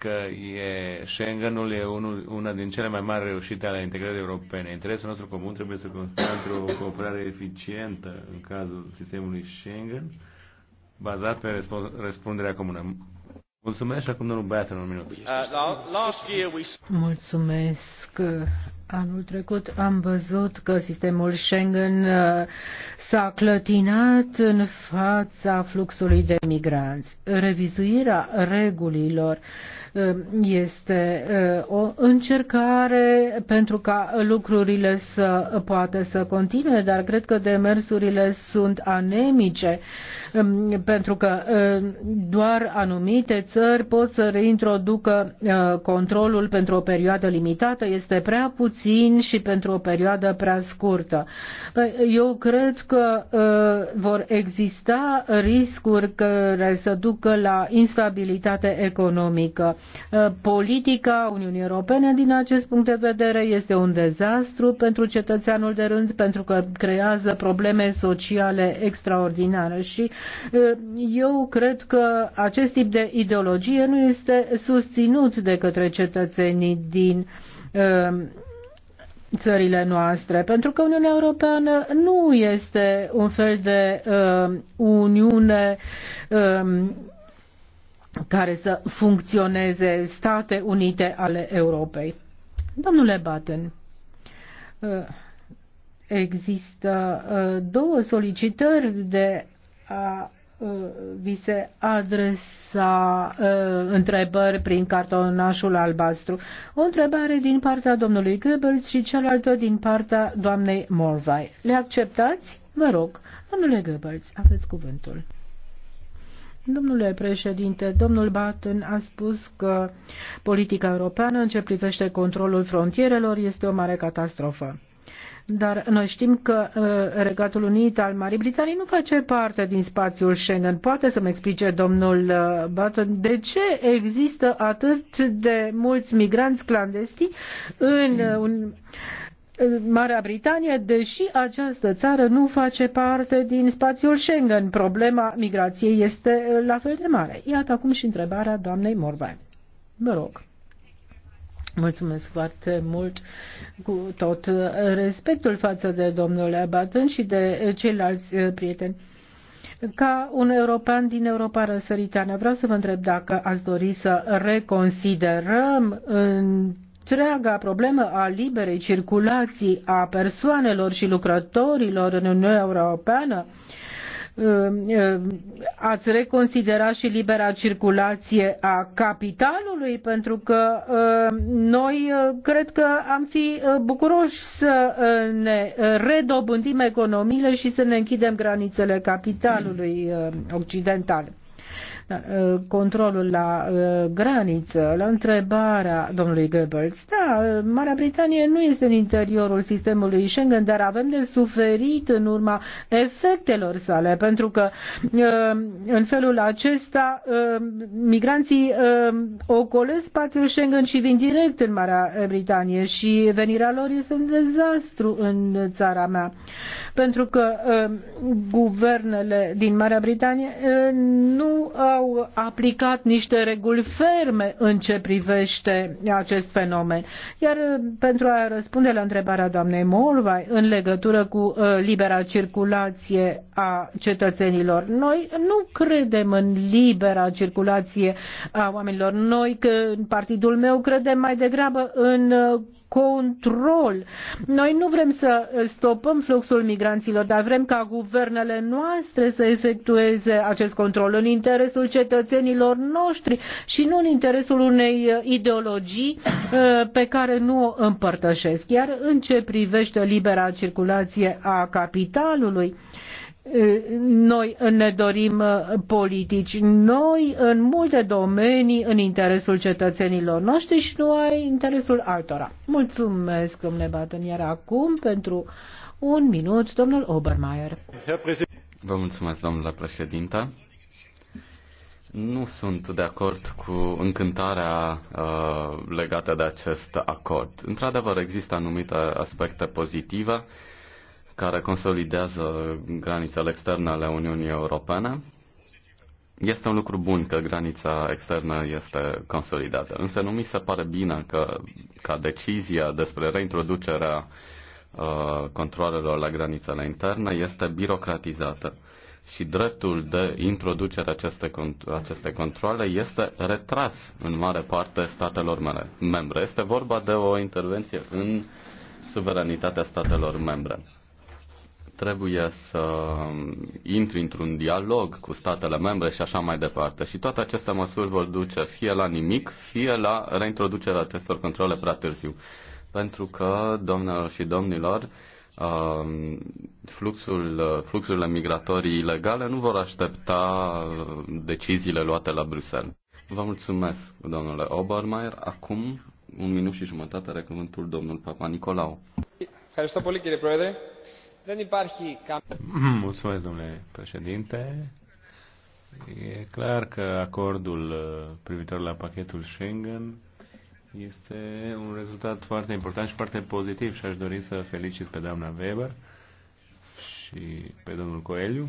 Speaker 1: că e, Schengenul e unul, una din cele mai mari reușite ale integrării europene. Interesul nostru comun trebuie să constituie într-o cooperare eficientă în cazul sistemului Schengen, bazat pe răspunderea comună. Mulțumesc și acum domnul Beaton un minut. Uh,
Speaker 3: Mulțumesc. Anul trecut am văzut că sistemul Schengen uh, s-a clătinat în fața fluxului de migranți. Revizuirea regulilor uh, este uh, o încercare pentru ca lucrurile să poată să continue, dar cred că demersurile sunt anemice um, pentru că doar anumite țări pot să reintroducă controlul pentru o perioadă limitată. Este prea puțin puțin și pentru o perioadă prea scurtă. Păi, eu cred că uh, vor exista riscuri care să ducă la instabilitate economică. Uh, politica Uniunii Europene din acest punct de vedere este un dezastru pentru cetățeanul de rând pentru că creează probleme sociale extraordinare și uh, eu cred că acest tip de ideologie nu este susținut de către cetățenii din țările noastre, pentru că Uniunea Europeană nu este un fel de uh, Uniune uh, care să funcționeze State Unite ale Europei. Domnule Batten, uh, există uh, două solicitări de a Uh, vi se adresa uh, întrebări prin cartonașul albastru. O întrebare din partea domnului Goebbels și cealaltă din partea doamnei Morvai. Le acceptați? Vă rog. Domnule Goebbels, aveți cuvântul. Domnule președinte, domnul Batten a spus că politica europeană în ce privește controlul frontierelor este o mare catastrofă. Dar noi știm că uh, Regatul Unit al Marii Britanii nu face parte din spațiul Schengen. Poate să-mi explice domnul uh, Button de ce există atât de mulți migranți clandestini în uh, un, Marea Britanie, deși această țară nu face parte din spațiul Schengen. Problema migrației este la fel de mare. Iată acum și întrebarea doamnei Morvai. Mă rog. Mulțumesc foarte mult cu tot respectul față de domnul Abatân și de ceilalți eh, prieteni. Ca un european din Europa răsăritană, vreau să vă întreb dacă ați dori să reconsiderăm în întreaga problemă a liberei circulații a persoanelor și lucrătorilor în Uniunea Europeană Uh, uh, ați reconsidera și libera circulație a capitalului, pentru că uh, noi cred că am fi bucuroși să ne redobândim economiile și să ne închidem granițele capitalului occidental. Uh, controlul la uh, graniță, la întrebarea domnului Goebbels, da, uh, Marea Britanie nu este în interiorul sistemului Schengen, dar avem de suferit în urma efectelor sale, pentru că în felul acesta migranții ocolesc spațiul Schengen și vin direct în Marea Britanie și venirea lor este un dezastru în țara mea pentru că um, guvernele din Marea Britanie uh, nu au aplicat niște reguli ferme în ce privește acest fenomen. Iar uh, pentru a răspunde la întrebarea doamnei Morvai în legătură cu uh, libera circulație a cetățenilor, noi nu credem în libera circulație a oamenilor. Noi, că în partidul meu, credem mai degrabă în control. Noi nu vrem să stopăm fluxul migranților, dar vrem ca guvernele noastre să efectueze acest control în interesul cetățenilor noștri și nu în interesul unei uh, ideologii uh, pe care nu o împărtășesc. Iar în ce privește libera circulație a capitalului, noi ne dorim uh, politici noi în multe domenii în interesul cetățenilor noștri și nu în interesul altora. Mulțumesc, domnule Baton, iar acum pentru un minut, domnul Obermeier.
Speaker 2: Vă mulțumesc, domnule președinte. Nu sunt de acord cu încântarea uh, legată de acest acord. Într-adevăr, există anumite aspecte pozitive, uh, care consolidează granițele externe ale Uniunii Europene. Este un lucru bun că granița externă este consolidată, însă nu mi se pare bine că ca decizia despre reintroducerea uh, controlelor la granițele interne este birocratizată și dreptul de introducere aceste, aceste controle este retras în mare parte statelor membre. Este vorba de o intervenție în suveranitatea statelor membre trebuie să intri într-un dialog cu statele membre și așa mai departe. Și toate aceste măsuri vor duce fie la nimic, fie la reintroducerea acestor controle prea târziu. Pentru că, domnilor și domnilor, um, fluxul, fluxurile migratorii ilegale nu vor aștepta deciziile luate la Bruxelles. Vă mulțumesc, domnule Obermeier. Acum, un minut și jumătate, are domnul Papa Nicolau.
Speaker 4: Ευχαριστώ πολύ κύριε Mm,
Speaker 2: mulțumesc, domnule
Speaker 1: președinte. E clar că acordul uh, privitor la pachetul Schengen este un rezultat foarte important și foarte pozitiv și aș dori să felicit pe doamna Weber și pe domnul Coeliu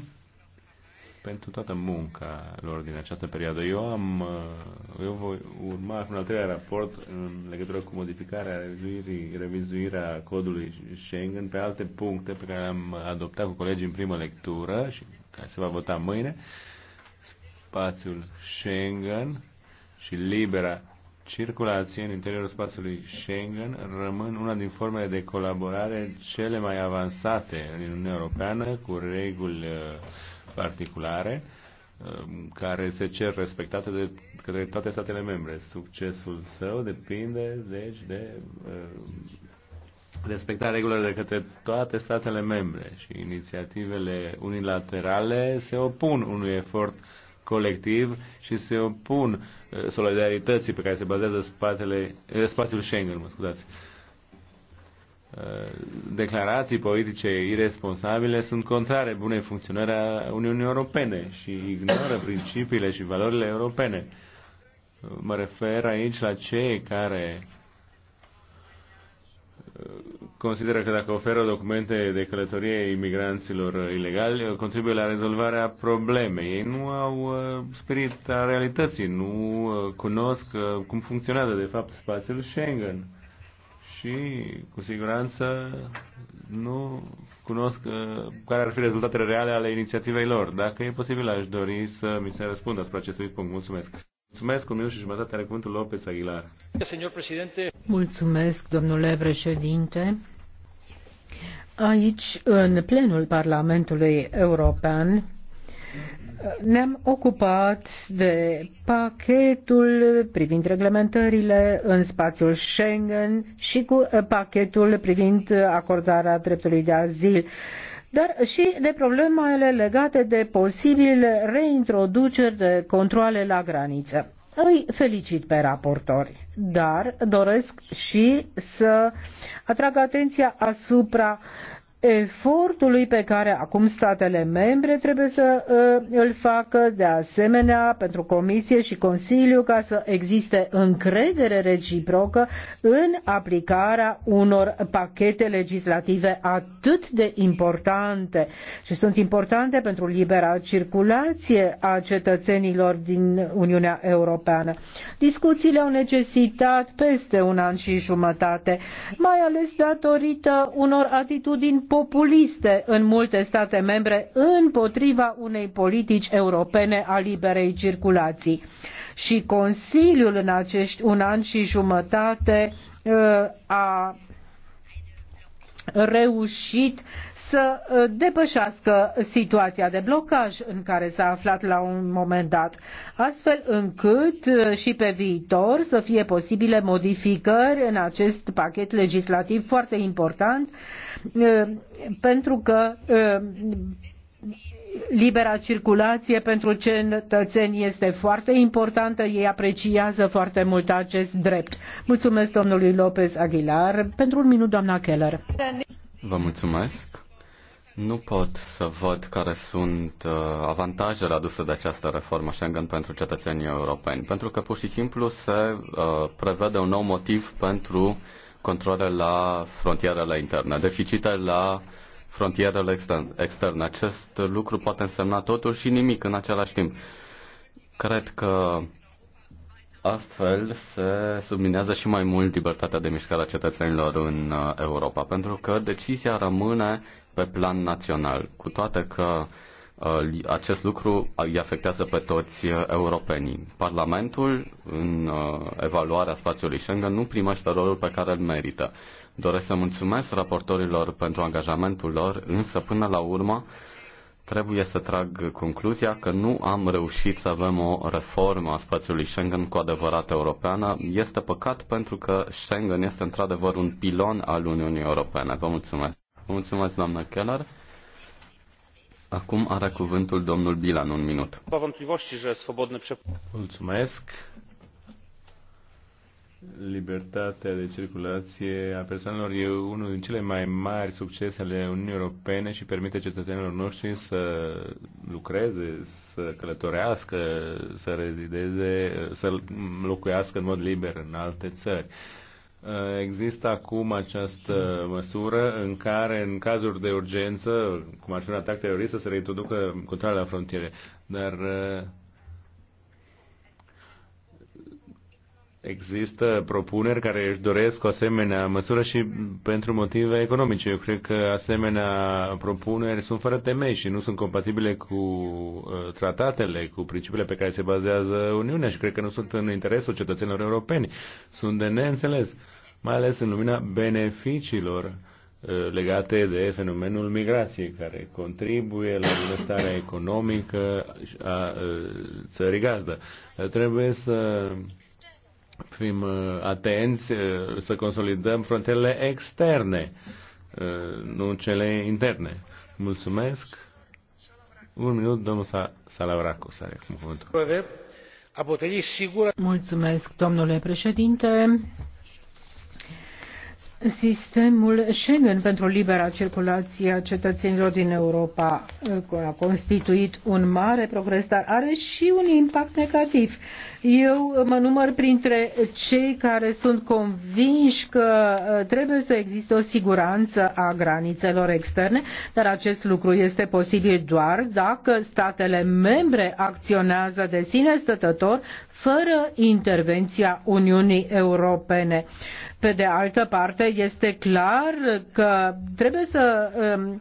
Speaker 1: pentru toată munca lor din această perioadă. Eu am, uh, eu voi urma un al treilea raport în legătură cu modificarea, revizuirii, revizuirea codului Schengen pe alte puncte pe care le-am adoptat cu colegii în primă lectură și care se va vota mâine. Spațiul Schengen și libera circulație în interiorul spațiului Schengen rămân una din formele de colaborare cele mai avansate în Uniunea Europeană cu reguli uh, particulare um, care se cer respectate de către toate statele membre. Succesul său depinde, deci, de um, respectarea regulilor de către toate statele membre și inițiativele unilaterale se opun unui efort colectiv și se opun uh, solidarității pe care se bazează spatele, uh, spațiul Schengen, mă scuzați. Uh, Eh, declarații politice irresponsabile sunt contrare bunei funcționări a Uniunii Europene și ignoră principiile și valorile europene. Mă refer aici la cei care eh, consideră că dacă oferă documente de călătorie imigranților ilegali, contribuie la rezolvarea problemei. Ei nu au eh, spirit a realității, nu cunosc cum funcționează de fapt spațiul Schengen și cu siguranță nu cunosc uh, care ar fi rezultatele reale ale inițiativei lor. Dacă e posibil, aș dori să mi se răspundă asupra acestui punct. Mulțumesc. Mulțumesc, un minut și jumătate are cuvântul Lopez Aguilar.
Speaker 3: Mulțumesc, domnule președinte. Aici, în plenul Parlamentului European, ne-am ocupat de pachetul privind reglementările în spațiul Schengen și cu pachetul privind acordarea dreptului de azil dar și de problemele legate de posibile reintroduceri de controle la graniță. Îi felicit pe raportori, dar doresc și să atrag atenția asupra efortului pe care acum statele membre trebuie să uh, îl facă, de asemenea pentru Comisie și Consiliu, ca să existe încredere reciprocă în aplicarea unor pachete legislative atât de importante și sunt importante pentru libera circulație a cetățenilor din Uniunea Europeană. Discuțiile au necesitat peste un an și jumătate, mai ales datorită unor atitudini populiste în multe state membre împotriva unei politici europene a liberei circulații. Și Consiliul în acești un an și jumătate uh, a reușit să uh, depășească situația de blocaj în care s-a aflat la un moment dat, astfel încât uh, și pe viitor să fie posibile modificări în acest pachet legislativ foarte important pentru că libera circulație pentru cetățeni este foarte importantă, ei apreciază foarte mult acest drept. Mulțumesc domnului Lopez Aguilar. Pentru un minut, doamna Keller.
Speaker 2: Vă mulțumesc. Nu pot să văd care sunt uh, avantajele aduse de această reformă Schengen pentru cetățenii europeni, pentru că pur și simplu se uh, prevede un nou motiv pentru controle la frontierele interne, deficite la frontierele externe. Acest lucru poate însemna totul și nimic în același timp. Cred că astfel se subminează și mai mult libertatea de mișcare a cetățenilor în uh, Europa, pentru că decizia rămâne pe plan național, cu toate că Uh, acest lucru îi afectează pe toți uh, europenii. Parlamentul, în uh, evaluarea spațiului Schengen, nu primește rolul pe care îl merită. Doresc să mulțumesc raportorilor pentru angajamentul lor, însă până la urmă trebuie să trag concluzia că nu am reușit să avem o reformă a spațiului Schengen cu adevărat europeană. Este păcat pentru că Schengen este într-adevăr un pilon al Uniunii Europene. Vă mulțumesc. Vă mulțumesc, doamnă Keller. Acum are cuvântul domnul Bilan, un minut. Mulțumesc.
Speaker 1: Libertatea de circulație a persoanelor e unul din cele mai mari succese ale Uniunii Europene și permite cetățenilor noștri să lucreze, să călătorească, să rezideze, să locuiască în mod liber în alte țări. Eh, există acum această măsură în care, în cazuri de urgență, cum ar fi un atac terorist, să se reintroducă controlele la frontiere. Dar eh, Există propuneri care își doresc o asemenea măsură și pentru motive economice. Eu cred că asemenea propuneri sunt fără temei și nu sunt compatibile cu uh, tratatele, cu principiile pe care se bazează Uniunea și cred că nu sunt în interesul cetățenilor europeni. Sunt de neînțeles, mai ales în lumina beneficiilor uh, legate de fenomenul migrației, care contribuie la bunăstarea economică a uh, țării gazdă. Trebuie să fim uh, atenți uh, să consolidăm frontierele externe, uh, nu cele interne. Mulțumesc. Un minut, domnul Salavracos are acum cuvântul.
Speaker 3: Mulțumesc, domnule președinte. Sistemul Schengen pentru libera circulație a cetățenilor din Europa uh, a constituit un mare progres, dar are și un impact negativ. Eu mă număr printre cei care sunt convinși că uh, trebuie să existe o siguranță a granițelor externe, dar acest lucru este posibil doar dacă statele membre acționează de sine stătător fără intervenția Uniunii Europene. Pe de altă parte, este clar că trebuie să um,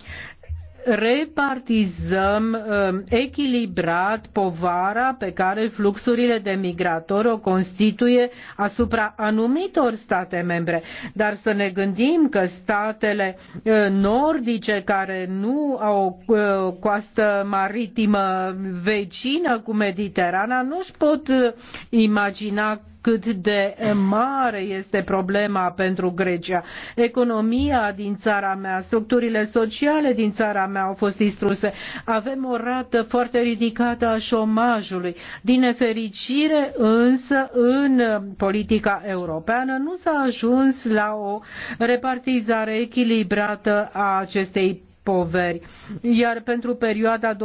Speaker 3: repartizăm um, echilibrat povara pe care fluxurile de migratori o constituie asupra anumitor state membre. Dar să ne gândim că statele uh, nordice care nu au uh, o coastă maritimă vecină cu Mediterana nu își pot uh, imagina cât de mare este problema pentru Grecia. Economia din țara mea, structurile sociale din țara mea au fost distruse. Avem o rată foarte ridicată a șomajului. Din nefericire, însă, în politica europeană nu s-a ajuns la o repartizare echilibrată a acestei poveri. Iar pentru perioada 2007-2011,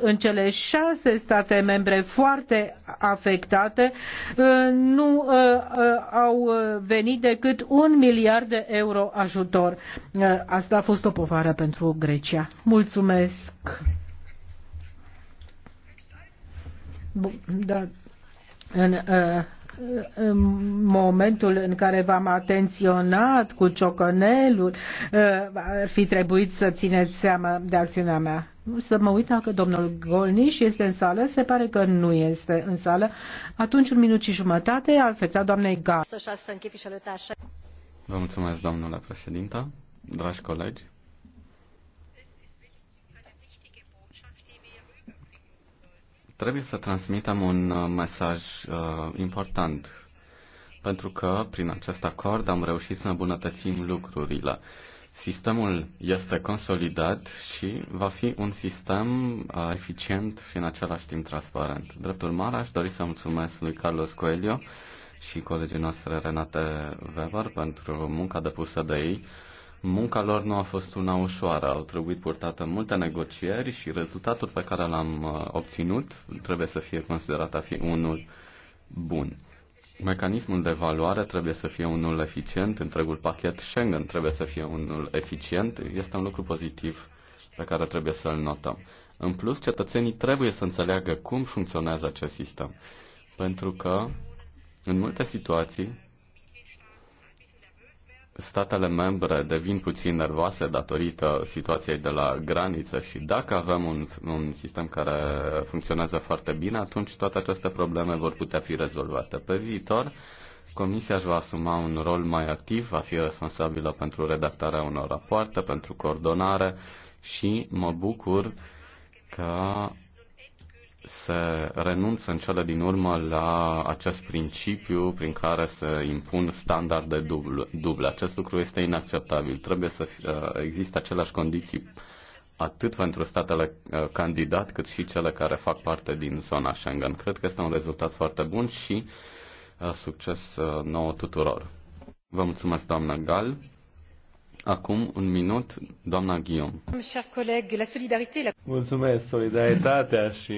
Speaker 3: în cele șase state membre foarte afectate, uh, nu uh, uh, au venit decât un miliard de euro ajutor. Asta a fost o povară pentru Grecia. Mulțumesc! Bun, da. În, uh, momentul în care v-am atenționat cu ciocănelul, eh, ar fi trebuit să țineți seama de acțiunea mea. Să mă uit dacă domnul Golniș este în sală, se pare că nu este în sală. Atunci un minut și jumătate a afectat doamnei Gal.
Speaker 2: Vă mulțumesc, domnule președinte, dragi colegi. Trebuie să transmitem un uh, mesaj uh, important, pentru că prin acest acord am reușit să îmbunătățim lucrurile. Sistemul este consolidat și va fi un sistem uh, eficient și în același timp transparent. Drept urmare, aș dori să mulțumesc lui Carlos Coelho și colegii noastre Renate Weber pentru munca depusă de ei Munca lor nu a fost una ușoară, au trebuit purtată multe negocieri și rezultatul pe care l-am uh, obținut trebuie să fie considerat a fi unul bun. Mecanismul de evaluare trebuie să fie unul eficient, întregul pachet Schengen trebuie să fie unul eficient, este un lucru pozitiv pe care trebuie să-l notăm. În plus, cetățenii trebuie să înțeleagă cum funcționează acest sistem, pentru că în multe situații statele membre devin puțin nervoase datorită situației de la graniță și dacă avem un, un sistem care funcționează foarte bine, atunci toate aceste probleme vor putea fi rezolvate. Pe viitor, Comisia își va asuma un rol mai activ, va fi responsabilă pentru redactarea unor rapoarte, pentru coordonare și mă bucur că se renunță în cele din urmă la acest principiu prin care se impun standarde duble. Acest lucru este inacceptabil. Trebuie să uh, existe aceleași condiții atât pentru statele uh, candidat cât și cele care fac parte din zona Schengen. Cred că este un rezultat foarte bun și uh, succes nouă tuturor. Vă mulțumesc, doamnă Gal. Acum un minut, doamna Guillaume.
Speaker 1: Mulțumesc. Solidaritatea și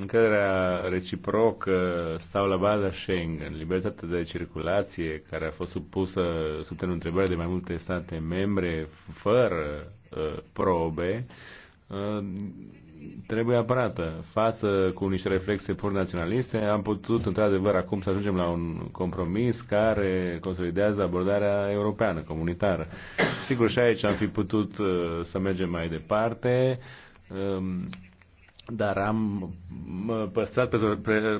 Speaker 1: încrederea reciprocă stau la baza Schengen. Libertatea de circulație care a fost supusă sub termen întrebări de mai multe state membre fără uh, probe uh, trebuie apărată. Față cu niște reflexe pur naționaliste, am putut, într-adevăr, acum să ajungem la un compromis care consolidează abordarea europeană, comunitară. Sigur, și aici am fi putut uh, să mergem mai departe, um, dar am păstrat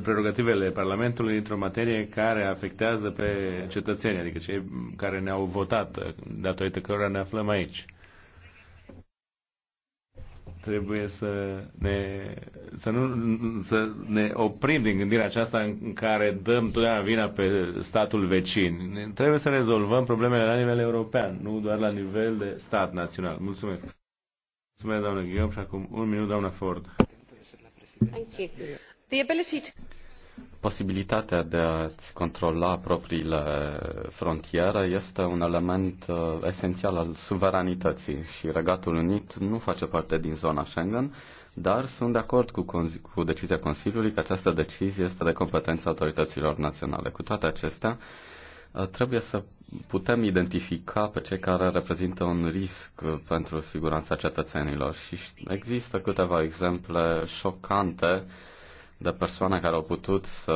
Speaker 1: prerogativele Parlamentului într-o materie care afectează pe cetățenii, adică cei care ne-au votat, datorită cărora ne aflăm aici trebuie să ne, să, nu, să ne oprim din gândirea aceasta în care dăm totdeauna vina pe statul vecin. Trebuie să rezolvăm problemele la nivel european, nu doar la nivel de stat național. Mulțumesc. Mulțumesc, doamnă Ghiom, și acum
Speaker 2: un minut, doamna Ford.
Speaker 7: Thank you. The ability to...
Speaker 2: Posibilitatea de a-ți controla propriile frontiere este un element uh, esențial al suveranității și Regatul Unit nu face parte din zona Schengen, dar sunt de acord cu, cu decizia Consiliului că această decizie este de competența autorităților naționale. Cu toate acestea, uh, trebuie să putem identifica pe cei care reprezintă un risc uh, pentru siguranța cetățenilor și există câteva exemple șocante de persoane care au putut să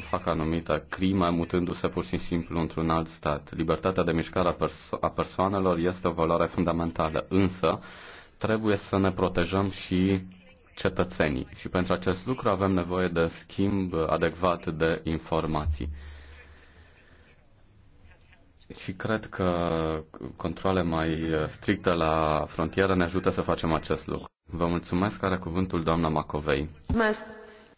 Speaker 2: facă anumită crimă mutându-se pur și simplu într-un alt stat. Libertatea de mișcare a, perso- a persoanelor este o valoare fundamentală, însă trebuie să ne protejăm și cetățenii și pentru acest lucru avem nevoie de schimb adecvat de informații. Și cred că controle mai stricte la frontieră ne ajută să facem acest lucru. Vă mulțumesc, are cuvântul doamna Macovei.
Speaker 7: Mulțumesc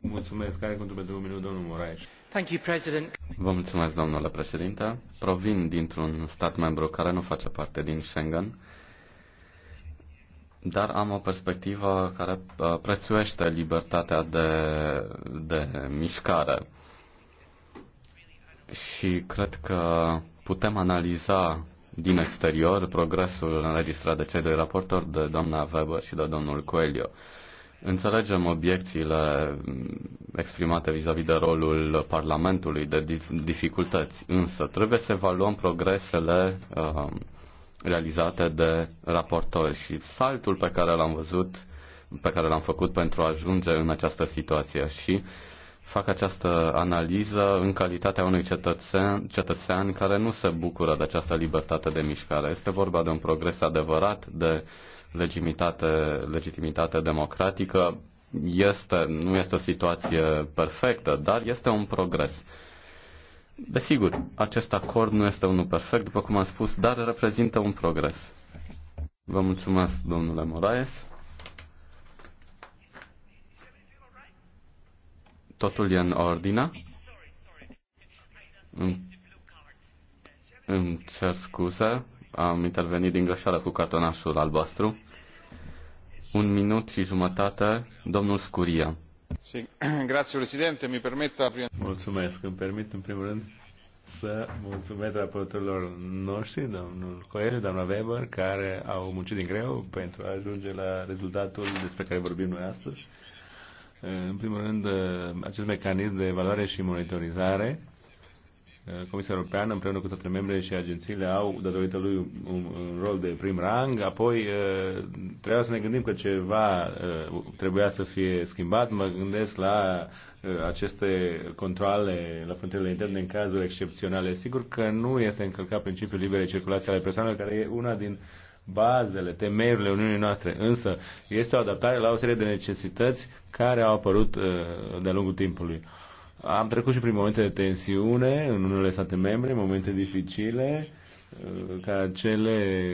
Speaker 2: Mulțumesc. Care cuvântul pentru un minut, domnul Moraes?
Speaker 1: Thank you, President.
Speaker 2: Vă mulțumesc, domnule președinte. Provin dintr-un stat membru care nu face parte din Schengen, dar am o perspectivă care uh, prețuiește libertatea de, de mișcare. Și cred că putem analiza din exterior progresul înregistrat de cei doi raportori, de doamna Weber și de domnul Coelho. Înțelegem obiecțiile exprimate vis-a-vis -vis de rolul Parlamentului, de dificultăți, însă trebuie să evaluăm progresele uh, realizate de raportori și saltul pe care l-am văzut, pe care l-am făcut pentru a ajunge în această situație și fac această analiză în calitatea unui cetățean, cetățean care nu se bucură de această libertate de mișcare. Este vorba de un progres adevărat, de uh, legitimitate, legitimitate democratică. Este, nu este o situație perfectă, dar este un progres. Desigur, acest acord nu este unul perfect, după cum am spus, dar reprezintă un progres. Vă mulțumesc, domnule Moraes. Totul e în ordine. Îmi, cer scuze, am intervenit din greșeală cu cartonașul albastru. Un minut și jumătate, domnul Scuria.
Speaker 1: Mulțumesc. Îmi permit în primul rând să mulțumesc raportorilor noștri, domnul Coelho, doamna Weber, care au muncit din greu pentru a ajunge la rezultatul despre care vorbim noi astăzi. În primul rând, acest mecanism de evaluare și monitorizare Comisia Europeană împreună cu toate membrele și agențiile au, datorită lui, un, un rol de prim rang. Apoi uh, trebuia să ne gândim că ceva uh, trebuia să fie schimbat. Mă gândesc la uh, aceste controle la frontierele interne în cazuri excepționale. Sigur că nu este încălcat principiul liberei circulații ale persoanelor, care e una din bazele, temeiurile Uniunii noastre, însă este o adaptare la o serie de necesități care au apărut de-a lungul timpului. Am trecut și prin momente de tensiune în unele state membre, momente dificile, uh, ca cele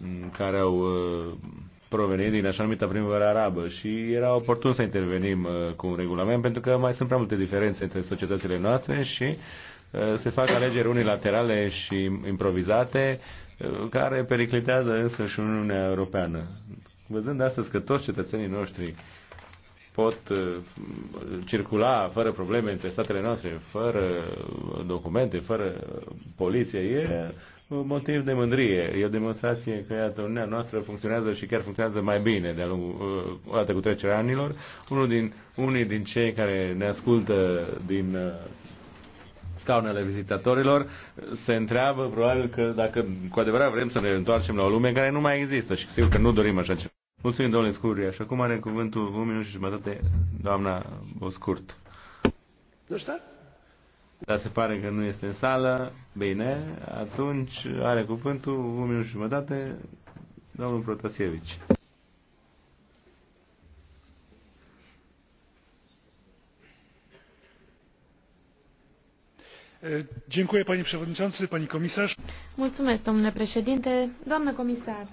Speaker 1: mm, care au uh, provenit din așa numită primăvară arabă și era oportun să intervenim uh, cu un regulament pentru că mai sunt prea multe diferențe între societățile noastre și se fac alegeri unilaterale și improvizate care periclitează însă și Uniunea Europeană. Văzând astăzi că toți cetățenii noștri pot uh, circula fără probleme între statele noastre, fără documente, fără poliție, e un motiv de mândrie. E o demonstrație că, iată, Uniunea noastră funcționează și chiar funcționează mai bine de-a lungul, uh, dată cu trecerea anilor. Unul din, unii din cei care ne ascultă din uh, scaunele vizitatorilor, se întreabă probabil că dacă cu adevărat vrem să ne întoarcem la o lume care nu mai există și sigur că nu dorim așa ceva. Mulțumim, domnule Scurie. Și acum are cuvântul un minut și jumătate, doamna Boscurt. Nu știu. Dar se pare că nu este în sală. Bine, atunci are cuvântul un minut și jumătate, domnul Protasievici.
Speaker 6: Dziękuję panie przewodniczący, pani komisarz.
Speaker 8: Mulțumesc, domnule președinte, doamnă comisar.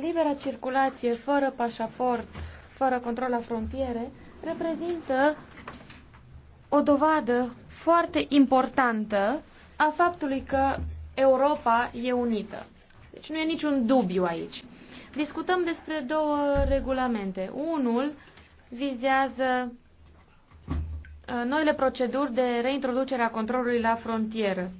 Speaker 8: Libera circulație fără pașaport, fără control la frontiere, reprezintă o dovadă foarte importantă a faptului că Europa e unită. Deci nu e niciun dubiu aici. Discutăm despre două regulamente. Unul vizează uh, noile proceduri de reintroducere a controlului la frontieră.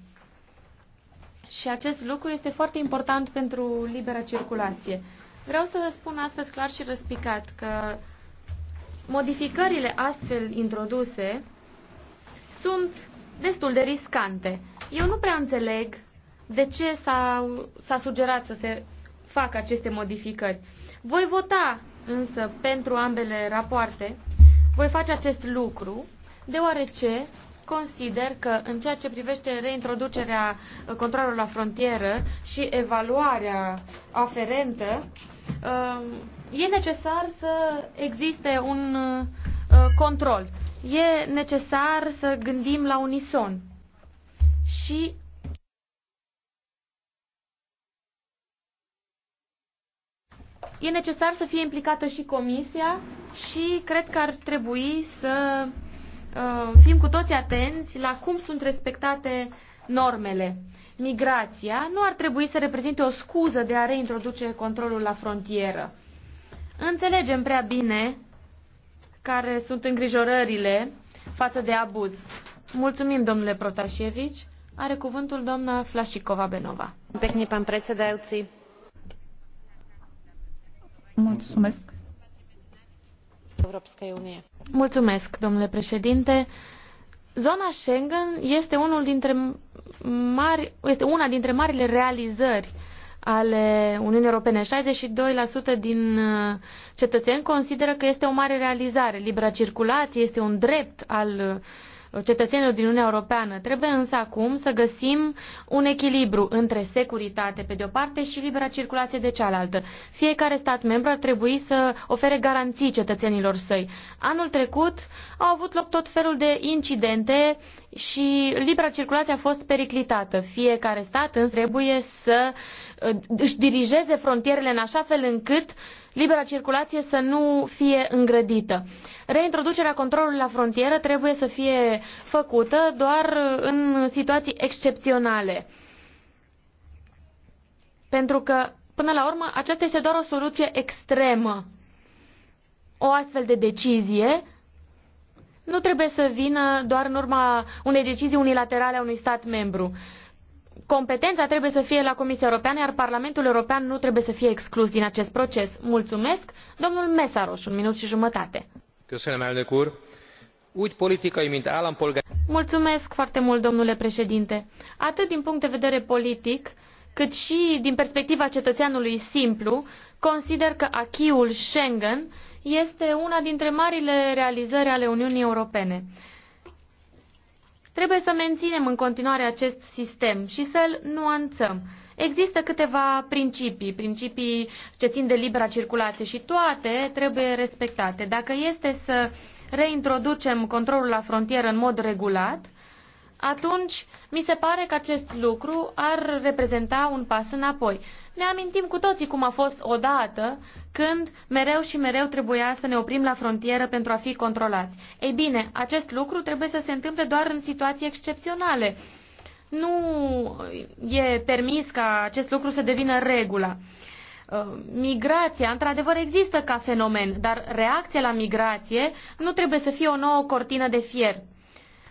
Speaker 8: Și acest lucru este foarte important pentru libera circulație. Vreau să vă spun astăzi clar și răspicat că modificările astfel introduse sunt destul de riscante. Eu nu prea înțeleg de ce s-a, sugerat să se facă aceste modificări. Voi vota însă pentru ambele rapoarte, voi face acest lucru, deoarece consider că în ceea ce privește reintroducerea uh, controlului la frontieră și evaluarea aferentă, um, e necesar să existe un uh, control. E necesar să gândim la unison. Și e necesar să fie implicată și comisia și cred că ar trebui să Uh, fim cu toți atenți la cum sunt respectate normele. Migrația nu ar trebui să reprezinte o scuză de a reintroduce controlul la frontieră. Înțelegem prea bine care sunt îngrijorările față de abuz. Mulțumim, domnule Protașevici. Are cuvântul doamna Flașicova Benova. Pehni, pan Mulțumesc. Mulțumesc, domnule președinte. Zona Schengen este, unul dintre mari, este una dintre marile realizări ale Uniunii Europene. 62% din uh, cetățeni consideră că este o mare realizare. Libera circulație este un drept al cetățenilor din Uniunea Europeană. Trebuie însă acum să găsim un echilibru între securitate pe de-o parte și libera circulație de cealaltă. Fiecare stat membru ar trebui să ofere garanții cetățenilor săi. Anul trecut au avut loc tot felul de incidente și libera circulație a fost periclitată. Fiecare stat însă trebuie să uh, își dirigeze frontierele în așa fel încât libera circulație să nu fie îngrădită. Reintroducerea controlului la frontieră trebuie să fie făcută doar în situații excepționale. Pentru că, până la urmă, aceasta este doar o soluție extremă. O astfel de decizie nu trebuie să vină doar în urma unei decizii unilaterale a unui stat membru competența trebuie să fie la Comisia Europeană, iar Parlamentul European nu trebuie să fie exclus din acest proces. Mulțumesc, domnul Mesaros, un minut și jumătate. Mulțumesc foarte mult, domnule președinte. Atât din punct de vedere politic, cât și din perspectiva cetățeanului simplu, consider că achiul Schengen este una dintre marile realizări ale Uniunii Europene. Trebuie să menținem în continuare acest sistem și să-l nuanțăm. Există câteva principii, principii ce țin de libera circulație și toate trebuie respectate. Dacă este să reintroducem controlul la frontieră în mod regulat, atunci mi se pare că acest lucru ar reprezenta un pas înapoi. Ne amintim cu toții cum a fost odată când mereu și mereu trebuia să ne oprim la frontieră pentru a fi controlați. Ei bine, acest lucru trebuie să se întâmple doar în situații excepționale. Nu e permis ca acest lucru să devină regula. Uh, migrația, într-adevăr, există ca fenomen, dar reacția la migrație nu trebuie să fie o nouă cortină de fier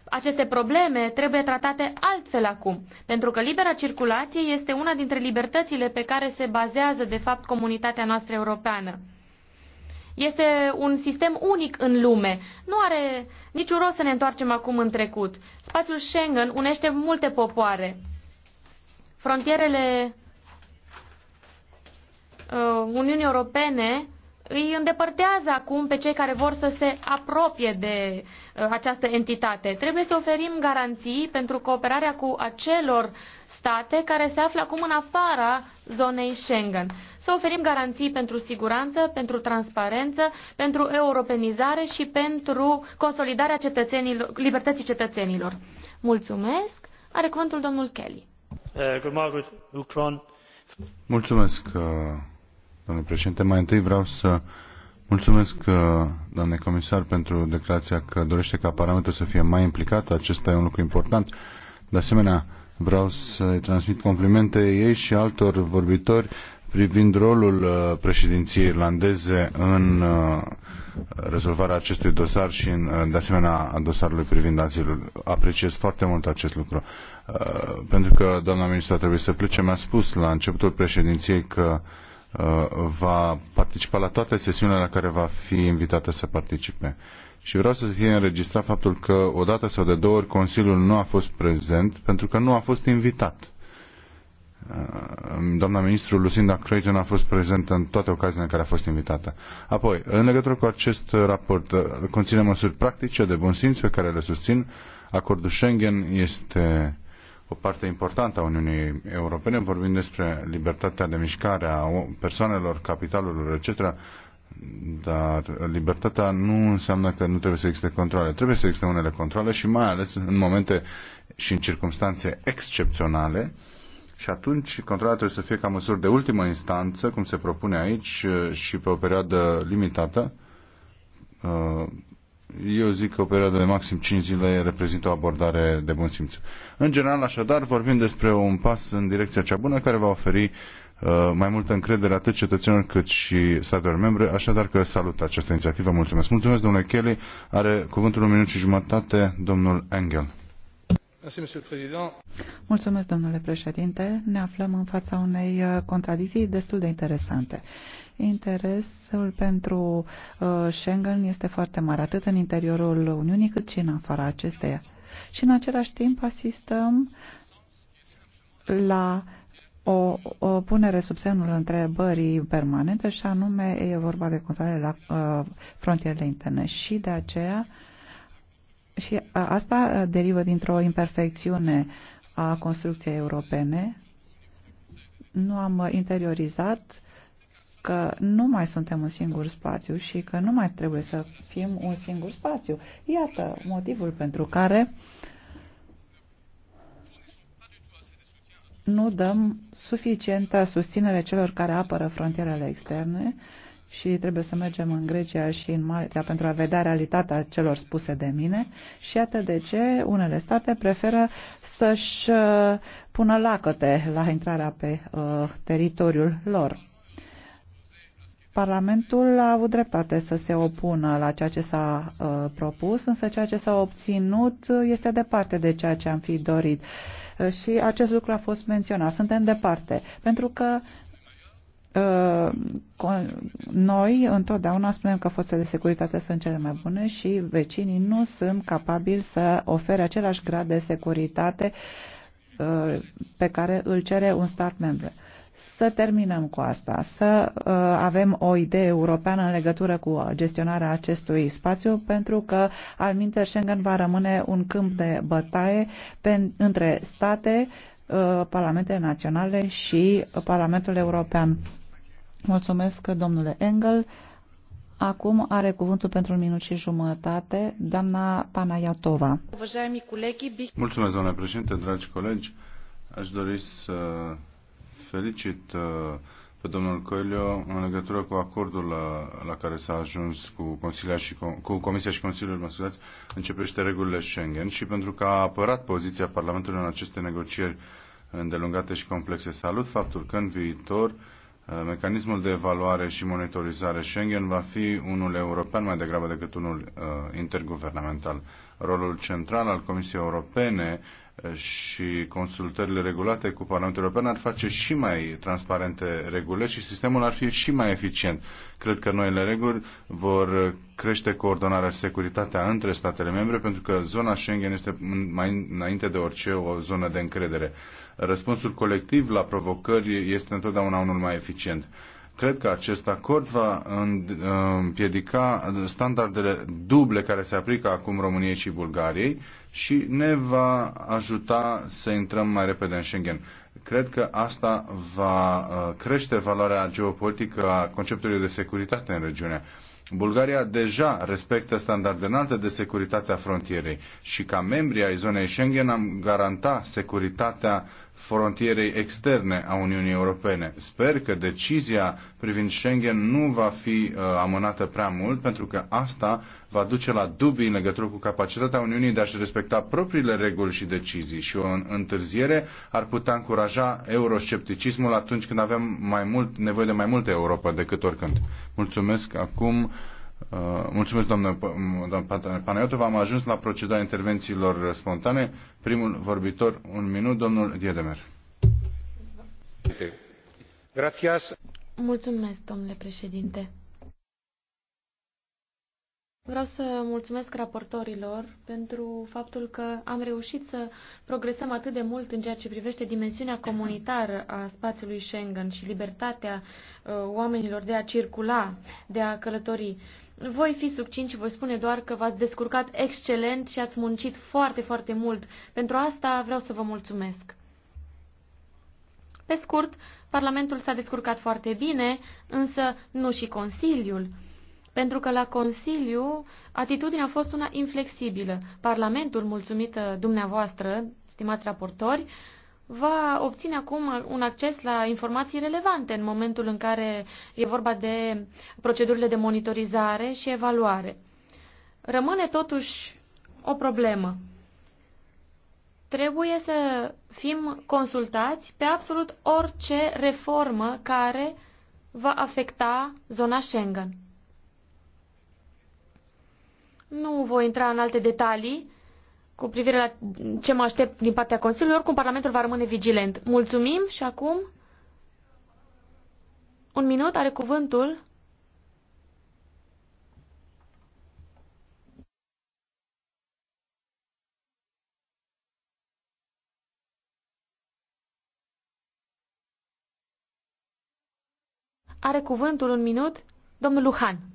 Speaker 8: aceste probleme trebuie tratate altfel acum, pentru că libera circulație este una dintre libertățile pe care se bazează, de fapt, comunitatea noastră europeană. Este un sistem unic în lume. Nu are niciun rost să ne întoarcem acum în trecut. Spațiul Schengen unește multe popoare. Frontierele uh, Uniunii Europene îi îndepărtează acum pe cei care vor să se apropie de uh, această entitate. Trebuie să oferim garanții pentru cooperarea cu acelor state care se află acum în afara zonei Schengen. Să oferim garanții pentru siguranță, pentru transparență, pentru europenizare și pentru consolidarea cetățenilor, libertății cetățenilor. Mulțumesc. Are cuvântul domnul Kelly.
Speaker 2: Uh,
Speaker 9: Mulțumesc, uh, domnule președinte. Mai întâi vreau să mulțumesc, uh, doamne comisar, pentru declarația că dorește ca Parlamentul să fie mai implicat. Acesta e un lucru important. De asemenea, vreau să-i transmit complimente ei și altor vorbitori privind rolul uh, președinției irlandeze în uh, rezolvarea acestui dosar și în, de asemenea a dosarului privind azilul. Apreciez foarte mult acest lucru. Pentru că doamna ministru a trebuit să plece, mi-a spus la începutul președinției că uh, Uh, va participa la toate sesiunile la care va fi invitată să participe. Și vreau să fie înregistrat faptul că odată sau de două ori Consiliul nu a fost prezent pentru că nu a fost invitat. Uh, doamna ministru Lucinda Creighton a fost prezentă în toate ocaziile în care a fost invitată. Apoi, în legătură cu acest raport, uh, conține măsuri practice de bun simț pe care le susțin. Acordul Schengen este o parte importantă a Uniunii Europene, vorbim despre libertatea de mișcare a persoanelor, capitalurilor, etc., dar libertatea nu înseamnă că nu trebuie să existe controle. Trebuie să existe unele controle și mai ales în momente și în circunstanțe excepționale și atunci controlele trebuie să fie ca măsuri de ultimă instanță, cum se propune aici, și pe o perioadă limitată, eu zic că o perioadă de maxim 5 zile reprezintă o abordare de bun simț. În general, așadar, vorbim despre un pas în direcția cea bună care va oferi uh, mai multă încredere atât cetățenilor cât și statelor membre, așadar că salut această inițiativă. Mulțumesc. Mulțumesc, domnule Kelly. Are cuvântul un minut și jumătate, domnul Engel.
Speaker 10: Mulțumesc, domnule președinte. Ne aflăm în fața unei uh, contradicții destul de interesante. Interesul pentru uh, Schengen este foarte mare, atât în interiorul Uniunii cât și în afara acesteia. Și în același timp asistăm la o, o punere sub semnul întrebării permanente și anume e vorba de controle la uh, frontierele interne și de aceea și uh, asta uh, derivă dintr-o imperfecțiune a construcției europene. Nu am interiorizat că nu mai suntem un singur spațiu și că nu mai trebuie să fim un singur spațiu. Iată motivul pentru care nu dăm suficientă susținere celor care apără frontierele externe și trebuie să mergem în Grecia și în Malta pentru a vedea realitatea celor spuse de mine și iată de ce unele state preferă să-și uh, pună lacăte la intrarea pe uh, teritoriul lor. Parlamentul a avut dreptate să se opună la ceea ce s-a uh, propus, însă ceea ce s-a obținut este departe de ceea ce am fi dorit. Uh, și acest lucru a fost menționat. Suntem departe, pentru că uh, noi întotdeauna spunem că forțele de securitate sunt cele mai bune și vecinii nu sunt capabili să ofere același grad de securitate uh, pe care îl cere un stat membru să terminăm cu asta, să uh, avem o idee europeană în legătură cu gestionarea acestui spațiu, pentru că al minte Schengen va rămâne un câmp de bătaie pe, între state, uh, parlamentele naționale și Parlamentul European. Mulțumesc, domnule Engel. Acum are cuvântul pentru un minut și jumătate doamna Panayatova.
Speaker 9: Mulțumesc, domnule președinte, dragi colegi. Aș dori să felicit uh, pe domnul Coelho în legătură cu acordul la, la care s-a ajuns cu, Consilia și, cu Comisia și Consiliul, mă scuzați, începește regulile Schengen și pentru că a apărat poziția Parlamentului în aceste negocieri îndelungate și complexe. Salut faptul că în viitor uh, mecanismul de evaluare și monitorizare Schengen va fi unul european mai degrabă decât unul uh, interguvernamental. Rolul central al Comisiei Europene și consultările regulate cu Parlamentul European ar face și mai transparente regulile și sistemul ar fi și mai eficient. Cred că noile reguli vor crește coordonarea și securitatea între statele membre pentru că zona Schengen este mai înainte de orice o zonă de încredere. Răspunsul colectiv la provocări este întotdeauna unul mai eficient. Cred că acest acord va împiedica standardele duble care se aplică acum României și Bulgariei și ne va ajuta să intrăm mai repede în Schengen. Cred că asta va uh, crește valoarea geopolitică a conceptului de securitate în regiune. Bulgaria deja respectă standarde înalte de securitate a frontierei și ca membri ai zonei Schengen am garanta securitatea frontierei externe a Uniunii Europene. Sper că decizia privind Schengen nu va fi uh, amânată prea mult, pentru că asta va duce la dubii în legătură cu capacitatea Uniunii de a-și respecta propriile reguli și decizii și o întârziere ar putea încuraja euroscepticismul atunci când avem mai mult, nevoie de mai multă Europa decât oricând. Mulțumesc acum Uh, mulțumesc, doamnă, doamnă Panayotov. Am ajuns la procedura intervențiilor spontane. Primul vorbitor, un minut, domnul Diedemer.
Speaker 6: Gracias.
Speaker 8: Mulțumesc, domnule președinte. Vreau să mulțumesc raportorilor pentru faptul că am reușit să progresăm atât de mult în ceea ce privește dimensiunea comunitară a spațiului Schengen și libertatea uh, oamenilor de a circula, de a călători. Voi fi succint și voi spune doar că v-ați descurcat excelent și ați muncit foarte, foarte mult. Pentru asta vreau să vă mulțumesc. Pe scurt, Parlamentul s-a descurcat foarte bine, însă nu și Consiliul. Pentru că la Consiliu atitudinea a fost una inflexibilă. Parlamentul, mulțumită dumneavoastră, stimați raportori, va obține acum un acces la informații relevante în momentul în care e vorba de procedurile de monitorizare și evaluare. Rămâne totuși o problemă. Trebuie să fim consultați pe absolut orice reformă care va afecta zona Schengen. Nu voi intra în alte detalii, cu privire la ce mă aștept din partea Consiliului. Oricum, Parlamentul va rămâne vigilent. Mulțumim și acum un minut are cuvântul Are cuvântul un minut domnul Luhan.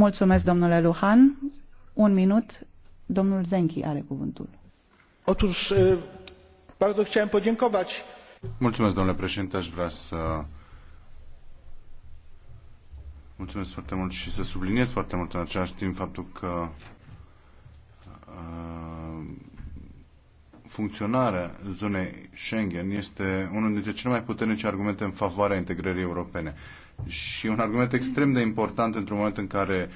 Speaker 10: Mulțumesc, domnule Luhan. Un minut, domnul Zenchi are cuvântul.
Speaker 4: Otóż bardzo chciałem podziękować.
Speaker 9: Mulțumesc, domnule președinte, aș vrea să mulțumesc foarte mult și să subliniez foarte mult în același timp faptul că funcționarea zonei Schengen este unul dintre cele mai puternice argumente în favoarea integrării europene și un argument extrem de important într-un moment în care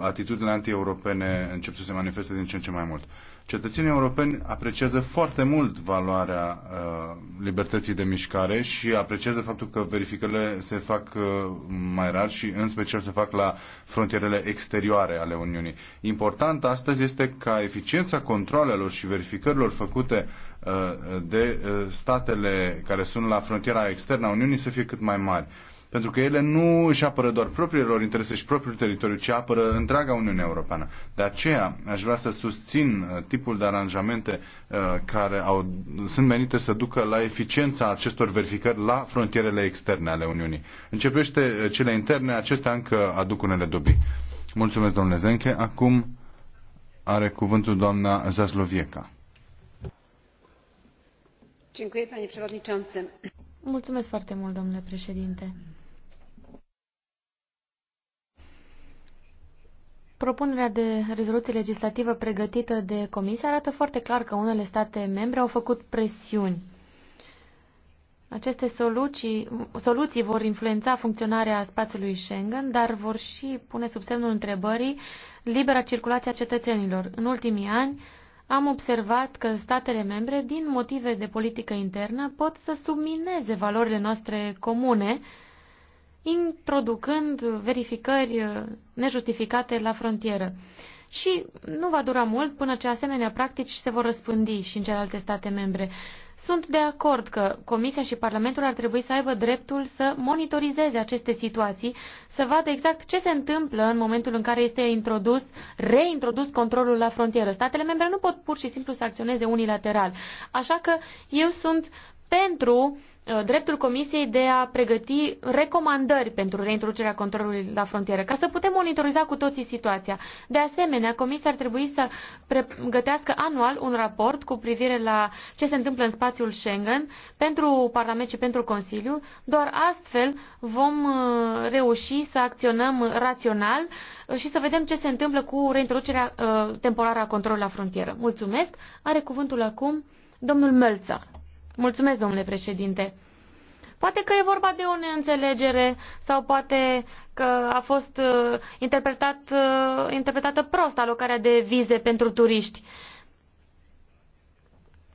Speaker 9: atitudinile anti-europene încep să se manifeste din ce în ce mai mult. Cetățenii europeni apreciază foarte mult valoarea uh, libertății de mișcare și apreciază faptul că verificările se fac uh, mai rar și în special se fac la frontierele exterioare ale Uniunii. Important astăzi este ca eficiența controlelor și verificărilor făcute uh, de uh, statele care sunt la frontiera externă a Uniunii să fie cât mai mari. Uh, pentru că ele nu își apără doar propriile lor interese și propriul teritoriu, ci apără întreaga Uniune Europeană. De aceea aș vrea să susțin uh, tipul de aranjamente uh, care au, sunt menite să ducă la eficiența acestor verificări la frontierele externe ale Uniunii. Începește uh, cele interne, acestea încă aduc unele dubii. Mulțumesc, domnule Zenche. Acum are cuvântul doamna Zaslovieca.
Speaker 8: Mulțumesc foarte mult, domnule președinte. Propunerea de rezoluție legislativă pregătită de Comisie arată foarte clar că unele state membre au făcut presiuni. Aceste soluții, soluții vor influența funcționarea spațiului Schengen, dar vor și pune sub semnul întrebării libera circulație a cetățenilor. În ultimii ani am observat că statele membre, din motive de politică internă, pot să submineze valorile noastre comune, introducând verificări nejustificate la frontieră. Și nu va dura mult până ce asemenea practici se vor răspândi și în celelalte state membre. Sunt de acord că Comisia și Parlamentul ar trebui să aibă dreptul să monitorizeze aceste situații, să vadă exact ce se întâmplă în momentul în care este introdus, reintrodus controlul la frontieră. Statele membre nu pot pur și simplu să acționeze unilateral. Așa că eu sunt pentru uh, Uh, dreptul Comisiei de a pregăti recomandări pentru reintroducerea controlului la frontieră, ca să putem monitoriza cu toții situația. De asemenea, Comisia ar trebui să pregătească anual un raport cu privire la ce se întâmplă în spațiul Schengen pentru Parlament și pentru Consiliu. Doar astfel vom uh, reuși să acționăm rațional uh, și să vedem ce se întâmplă cu reintroducerea temporară a controlului la frontieră. Mulțumesc. Are cuvântul acum domnul Mălțar. Mulțumesc, domnule președinte. Poate că e vorba de o neînțelegere sau poate că a fost uh, interpretat, uh, interpretată prost alocarea de vize pentru turiști.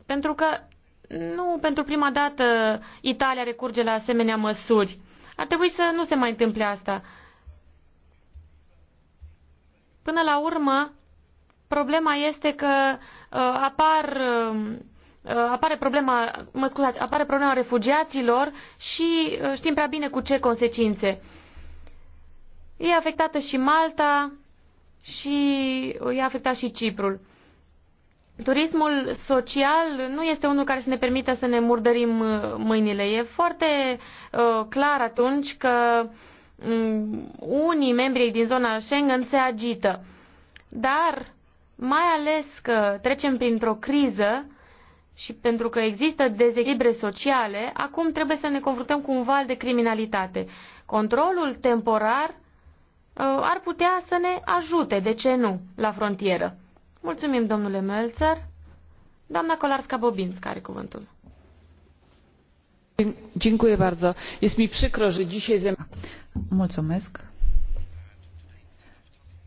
Speaker 8: Pentru că nu pentru prima dată Italia recurge la asemenea măsuri. Ar trebui să nu se mai întâmple asta. Până la urmă, problema este că uh, apar uh, Uh, apare problema, mă scuzați, apare problema refugiaților și uh, știm prea bine cu ce consecințe. E afectată și Malta și e afectat și Ciprul. Turismul social nu este unul care să ne permită să ne murdărim uh, mâinile. E foarte uh, clar atunci că um, unii membri din zona Schengen se agită. Dar, mai ales că trecem printr-o criză, și pentru că există dezechilibre sociale, acum trebuie să ne confruntăm cu un val de criminalitate. Controlul temporar uh, ar putea să ne ajute, de ce nu, la frontieră. Mulțumim, domnule Melțăr. Doamna Kolarska-Bobinska are cuvântul. Dziękuję bardzo. Jest mi przykro, że dzisiaj...
Speaker 10: Mulțumesc.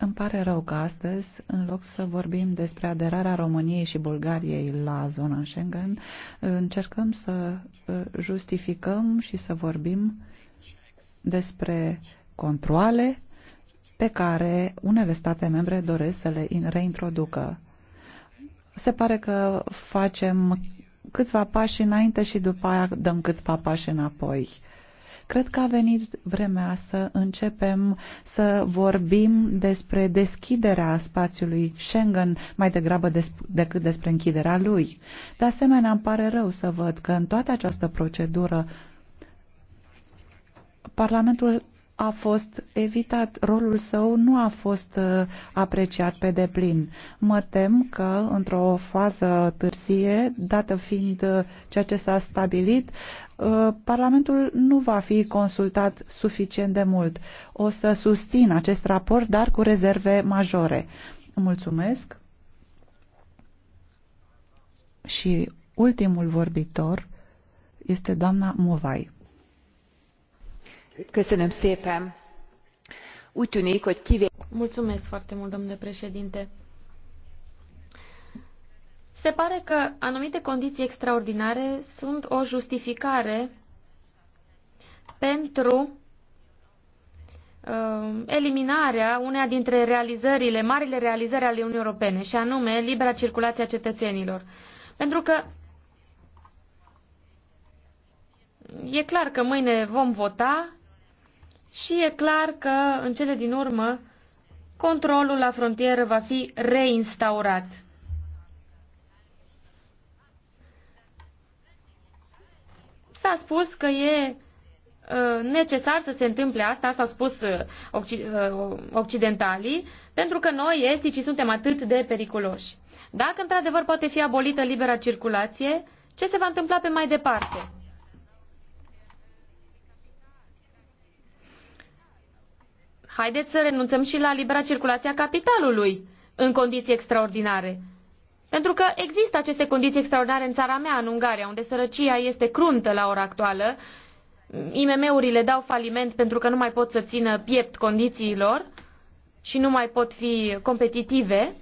Speaker 10: Îmi pare rău că astăzi, în loc să vorbim despre aderarea României și Bulgariei la zona Schengen, încercăm să uh, justificăm și să vorbim despre controle pe care unele state membre doresc să le reintroducă. Se pare că facem câțiva pași înainte și după aia dăm câțiva pași înapoi Cred că a venit vremea să începem să vorbim despre deschiderea spațiului Schengen mai degrabă desp- decât despre închiderea lui. De asemenea, îmi pare rău să văd că în toată această procedură Parlamentul a fost evitat, rolul său nu a fost uh, apreciat pe deplin. Mă tem că, într-o fază târzie, dată fiind uh, ceea ce s-a stabilit, uh, Parlamentul nu va fi consultat suficient de mult. O să susțin acest raport, dar cu rezerve majore. Mulțumesc. Și ultimul vorbitor este doamna Movai
Speaker 8: úgy tűnik hogy kivételes se pare că anumite condiții extraordinare sunt o justificare pentru uh, eliminarea uneia dintre realizările, marile realizări ale Uniunii Europene, și anume libera circulație a cetățenilor. Pentru că e clar că mâine vom vota și e clar că, în cele din urmă, controlul la frontieră va fi reinstaurat. S-a spus că e uh, necesar să se întâmple asta, asta au spus uh, uh, occidentalii, pentru că noi, esticii, suntem atât de periculoși. Dacă într-adevăr poate fi abolită libera circulație, ce se va întâmpla pe mai departe? haideți să renunțăm și la libera circulație a capitalului în condiții extraordinare. Pentru că există aceste condiții extraordinare în țara mea, în Ungaria, unde sărăcia este cruntă la ora actuală. IMM-urile dau faliment pentru că nu mai pot să țină piept condițiilor și nu mai pot fi competitive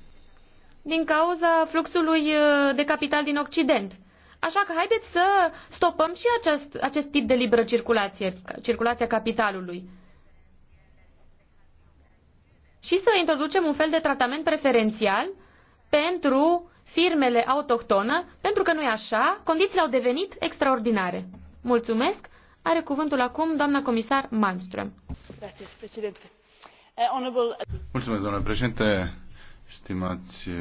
Speaker 8: din cauza fluxului uh, de capital din Occident. Așa că haideți să stopăm și acest, acest tip de liberă circulație, circulația capitalului și să introducem un fel de tratament preferențial pentru firmele autohtonă, pentru că nu e așa, condițiile au devenit extraordinare. Mulțumesc. Are cuvântul acum doamna comisar Malmström.
Speaker 5: Eh,
Speaker 9: Mulțumesc, domnule președinte. Stimați uh,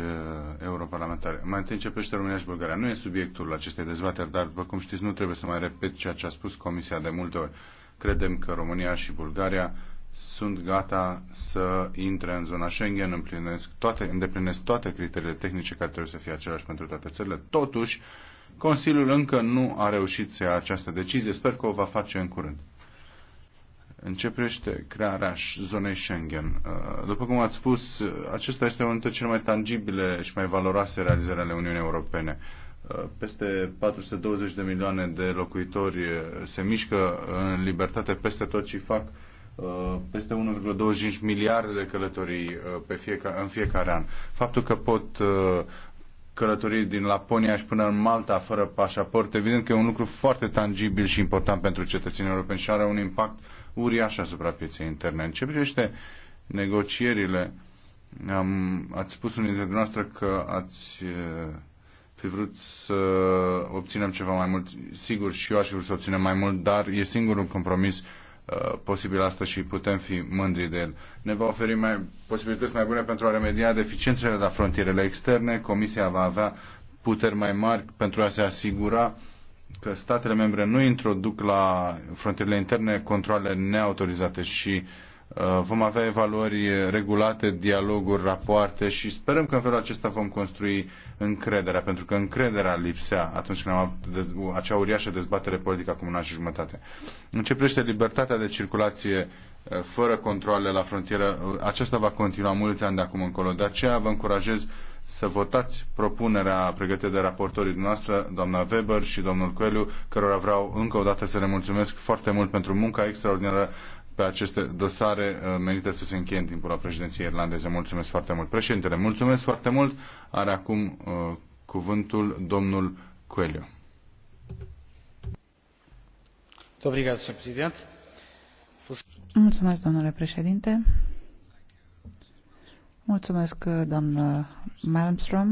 Speaker 9: europarlamentari, mai întâi începește România și Bulgaria. Nu e subiectul acestei dezbateri, dar, după cum știți, nu trebuie să mai repet ceea ce a spus Comisia de multe ori. Credem că România și Bulgaria sunt gata să intre în zona Schengen, împlinesc toate, îndeplinesc toate criteriile tehnice care trebuie să fie aceleași pentru toate țările. Totuși, Consiliul încă nu a reușit să ia această decizie. Sper că o va face în curând. Începește crearea zonei Schengen. Uh, după cum ați spus, uh, acesta este unul dintre cele mai tangibile și mai valoroase realizări ale Uniunii Europene uh, peste 420 de milioane de locuitori se mișcă în libertate peste tot și fac Uh, peste 1,25 miliarde de călătorii uh, pe fiecare, în fiecare an. Faptul că pot uh, călătorii din Laponia și până în Malta fără pașaport, evident că e un lucru foarte tangibil și important pentru cetățenii europeni și are un impact uriaș asupra pieței interne. În ce privește negocierile, am, ați spus unii dintre dumneavoastră că ați fi vrut să obținem ceva mai mult. Sigur, și eu aș fi vrut să obținem mai mult, dar e singurul compromis Uh, posibil asta și putem fi mândri de el. Ne va oferi mai, posibilități mai bune pentru a remedia deficiențele la frontierele externe. Comisia va avea puteri mai mari pentru a se asigura că statele membre nu introduc la frontierele interne controle neautorizate și uh, Uh, vom avea evaluări regulate, dialoguri, rapoarte și sperăm că în felul acesta vom construi încrederea, pentru că încrederea lipsea atunci când am avut acea uriașă dezbatere politică acum un an și jumătate. Începește libertatea de circulație uh, fără controle la frontieră. Uh, aceasta va continua mulți ani de acum încolo. De aceea vă încurajez să votați propunerea pregătită de raportorii noastre, doamna Weber și domnul Coeliu, cărora vreau încă o dată să le mulțumesc foarte mult pentru munca extraordinară pe aceste dosare uh, menite să se încheie în timpul la președinției irlandeze. Mulțumesc foarte mult. Președintele, mulțumesc foarte mult. Are acum uh, cuvântul domnul Coelho.
Speaker 10: Mulțumesc, domnule președinte. Mulțumesc, doamnă Malmström,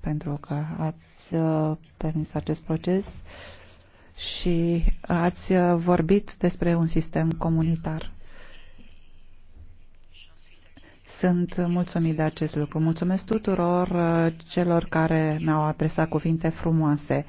Speaker 10: pentru că ați uh, permis acest proces și ați uh, vorbit despre un sistem comunitar. Sunt mulțumit de acest lucru. Mulțumesc tuturor uh, celor care mi-au adresat cuvinte frumoase.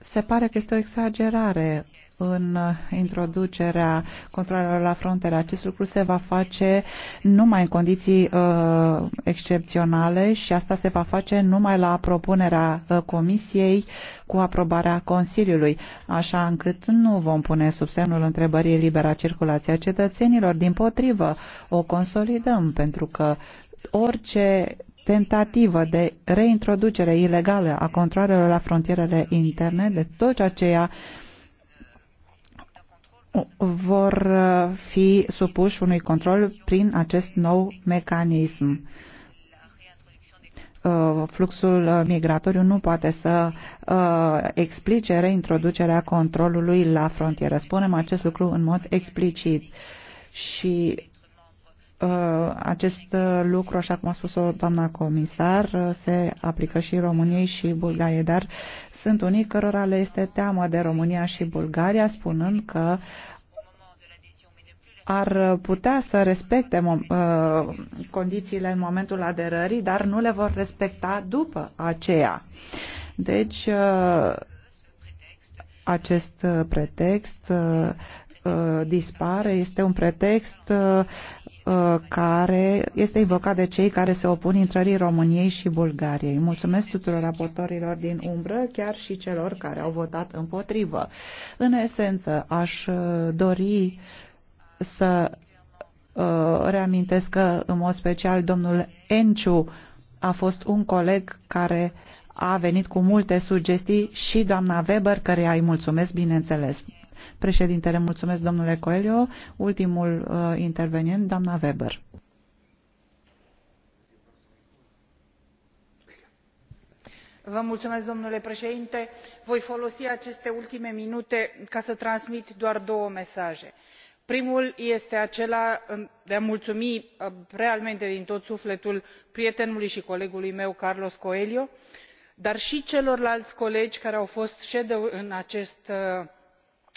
Speaker 10: Se pare că este o exagerare în introducerea controlelor la frontiere. Acest lucru se va face numai în condiții uh, excepționale și asta se va face numai la propunerea uh, Comisiei cu aprobarea Consiliului, așa încât nu vom pune sub semnul întrebării libera circulație a cetățenilor. Din potrivă, o consolidăm pentru că orice tentativă de reintroducere ilegală a controlelor la frontierele interne, de tot ce vor uh, fi supuși unui control prin acest nou mecanism. Uh, fluxul uh, migratoriu nu poate să explice reintroducerea controlului la frontieră. Spunem acest lucru în mod explicit și acest lucru, așa cum a spus-o doamna comisar, se aplică și României și Bulgariei, dar sunt unii cărora le este teamă de România și Bulgaria, spunând că ar putea să respecte uh, condițiile în momentul aderării, dar nu le vor respecta după aceea. Deci, uh, acest pretext uh, uh dispare, este un pretext uh, Uh, care este invocat de cei care se opun intrării României și Bulgariei. Mulțumesc tuturor raportorilor din umbră, chiar și celor care au votat împotrivă. În esență, aș uh, dori să uh, reamintesc că, în mod special, domnul Enciu a fost un coleg care a venit cu multe sugestii și doamna Weber, care îi mulțumesc, bineînțeles. Președintele, mulțumesc domnule Coelho. Ultimul uh, intervenient, doamna Weber.
Speaker 5: Vă mulțumesc, domnule președinte voi folosi aceste ultime minute ca să transmit doar două mesaje primul este acela uh, de a mulțumi uh, realmente din tot sufletul prietenului și colegului meu carlos coelho dar și celorlalți colegi care au fost raportori în acest uh,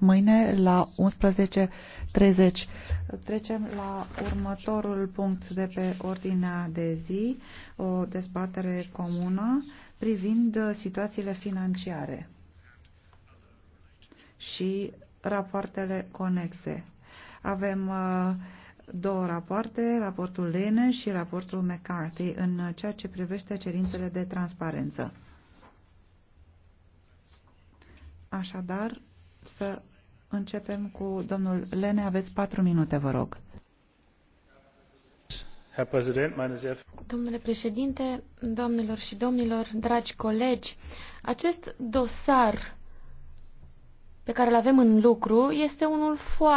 Speaker 10: mâine la 11.30. Trecem la următorul punct de pe ordinea de zi, o dezbatere comună privind situațiile financiare și rapoartele conexe. Avem uh, două rapoarte, raportul Lene și raportul McCarthy, în ceea ce privește cerințele de transparență. Așadar, să începem cu domnul
Speaker 8: Lene. Aveți patru minute, vă rog. Domnule președinte, doamnelor și domnilor, dragi colegi, acest dosar pe care îl avem în lucru este unul foarte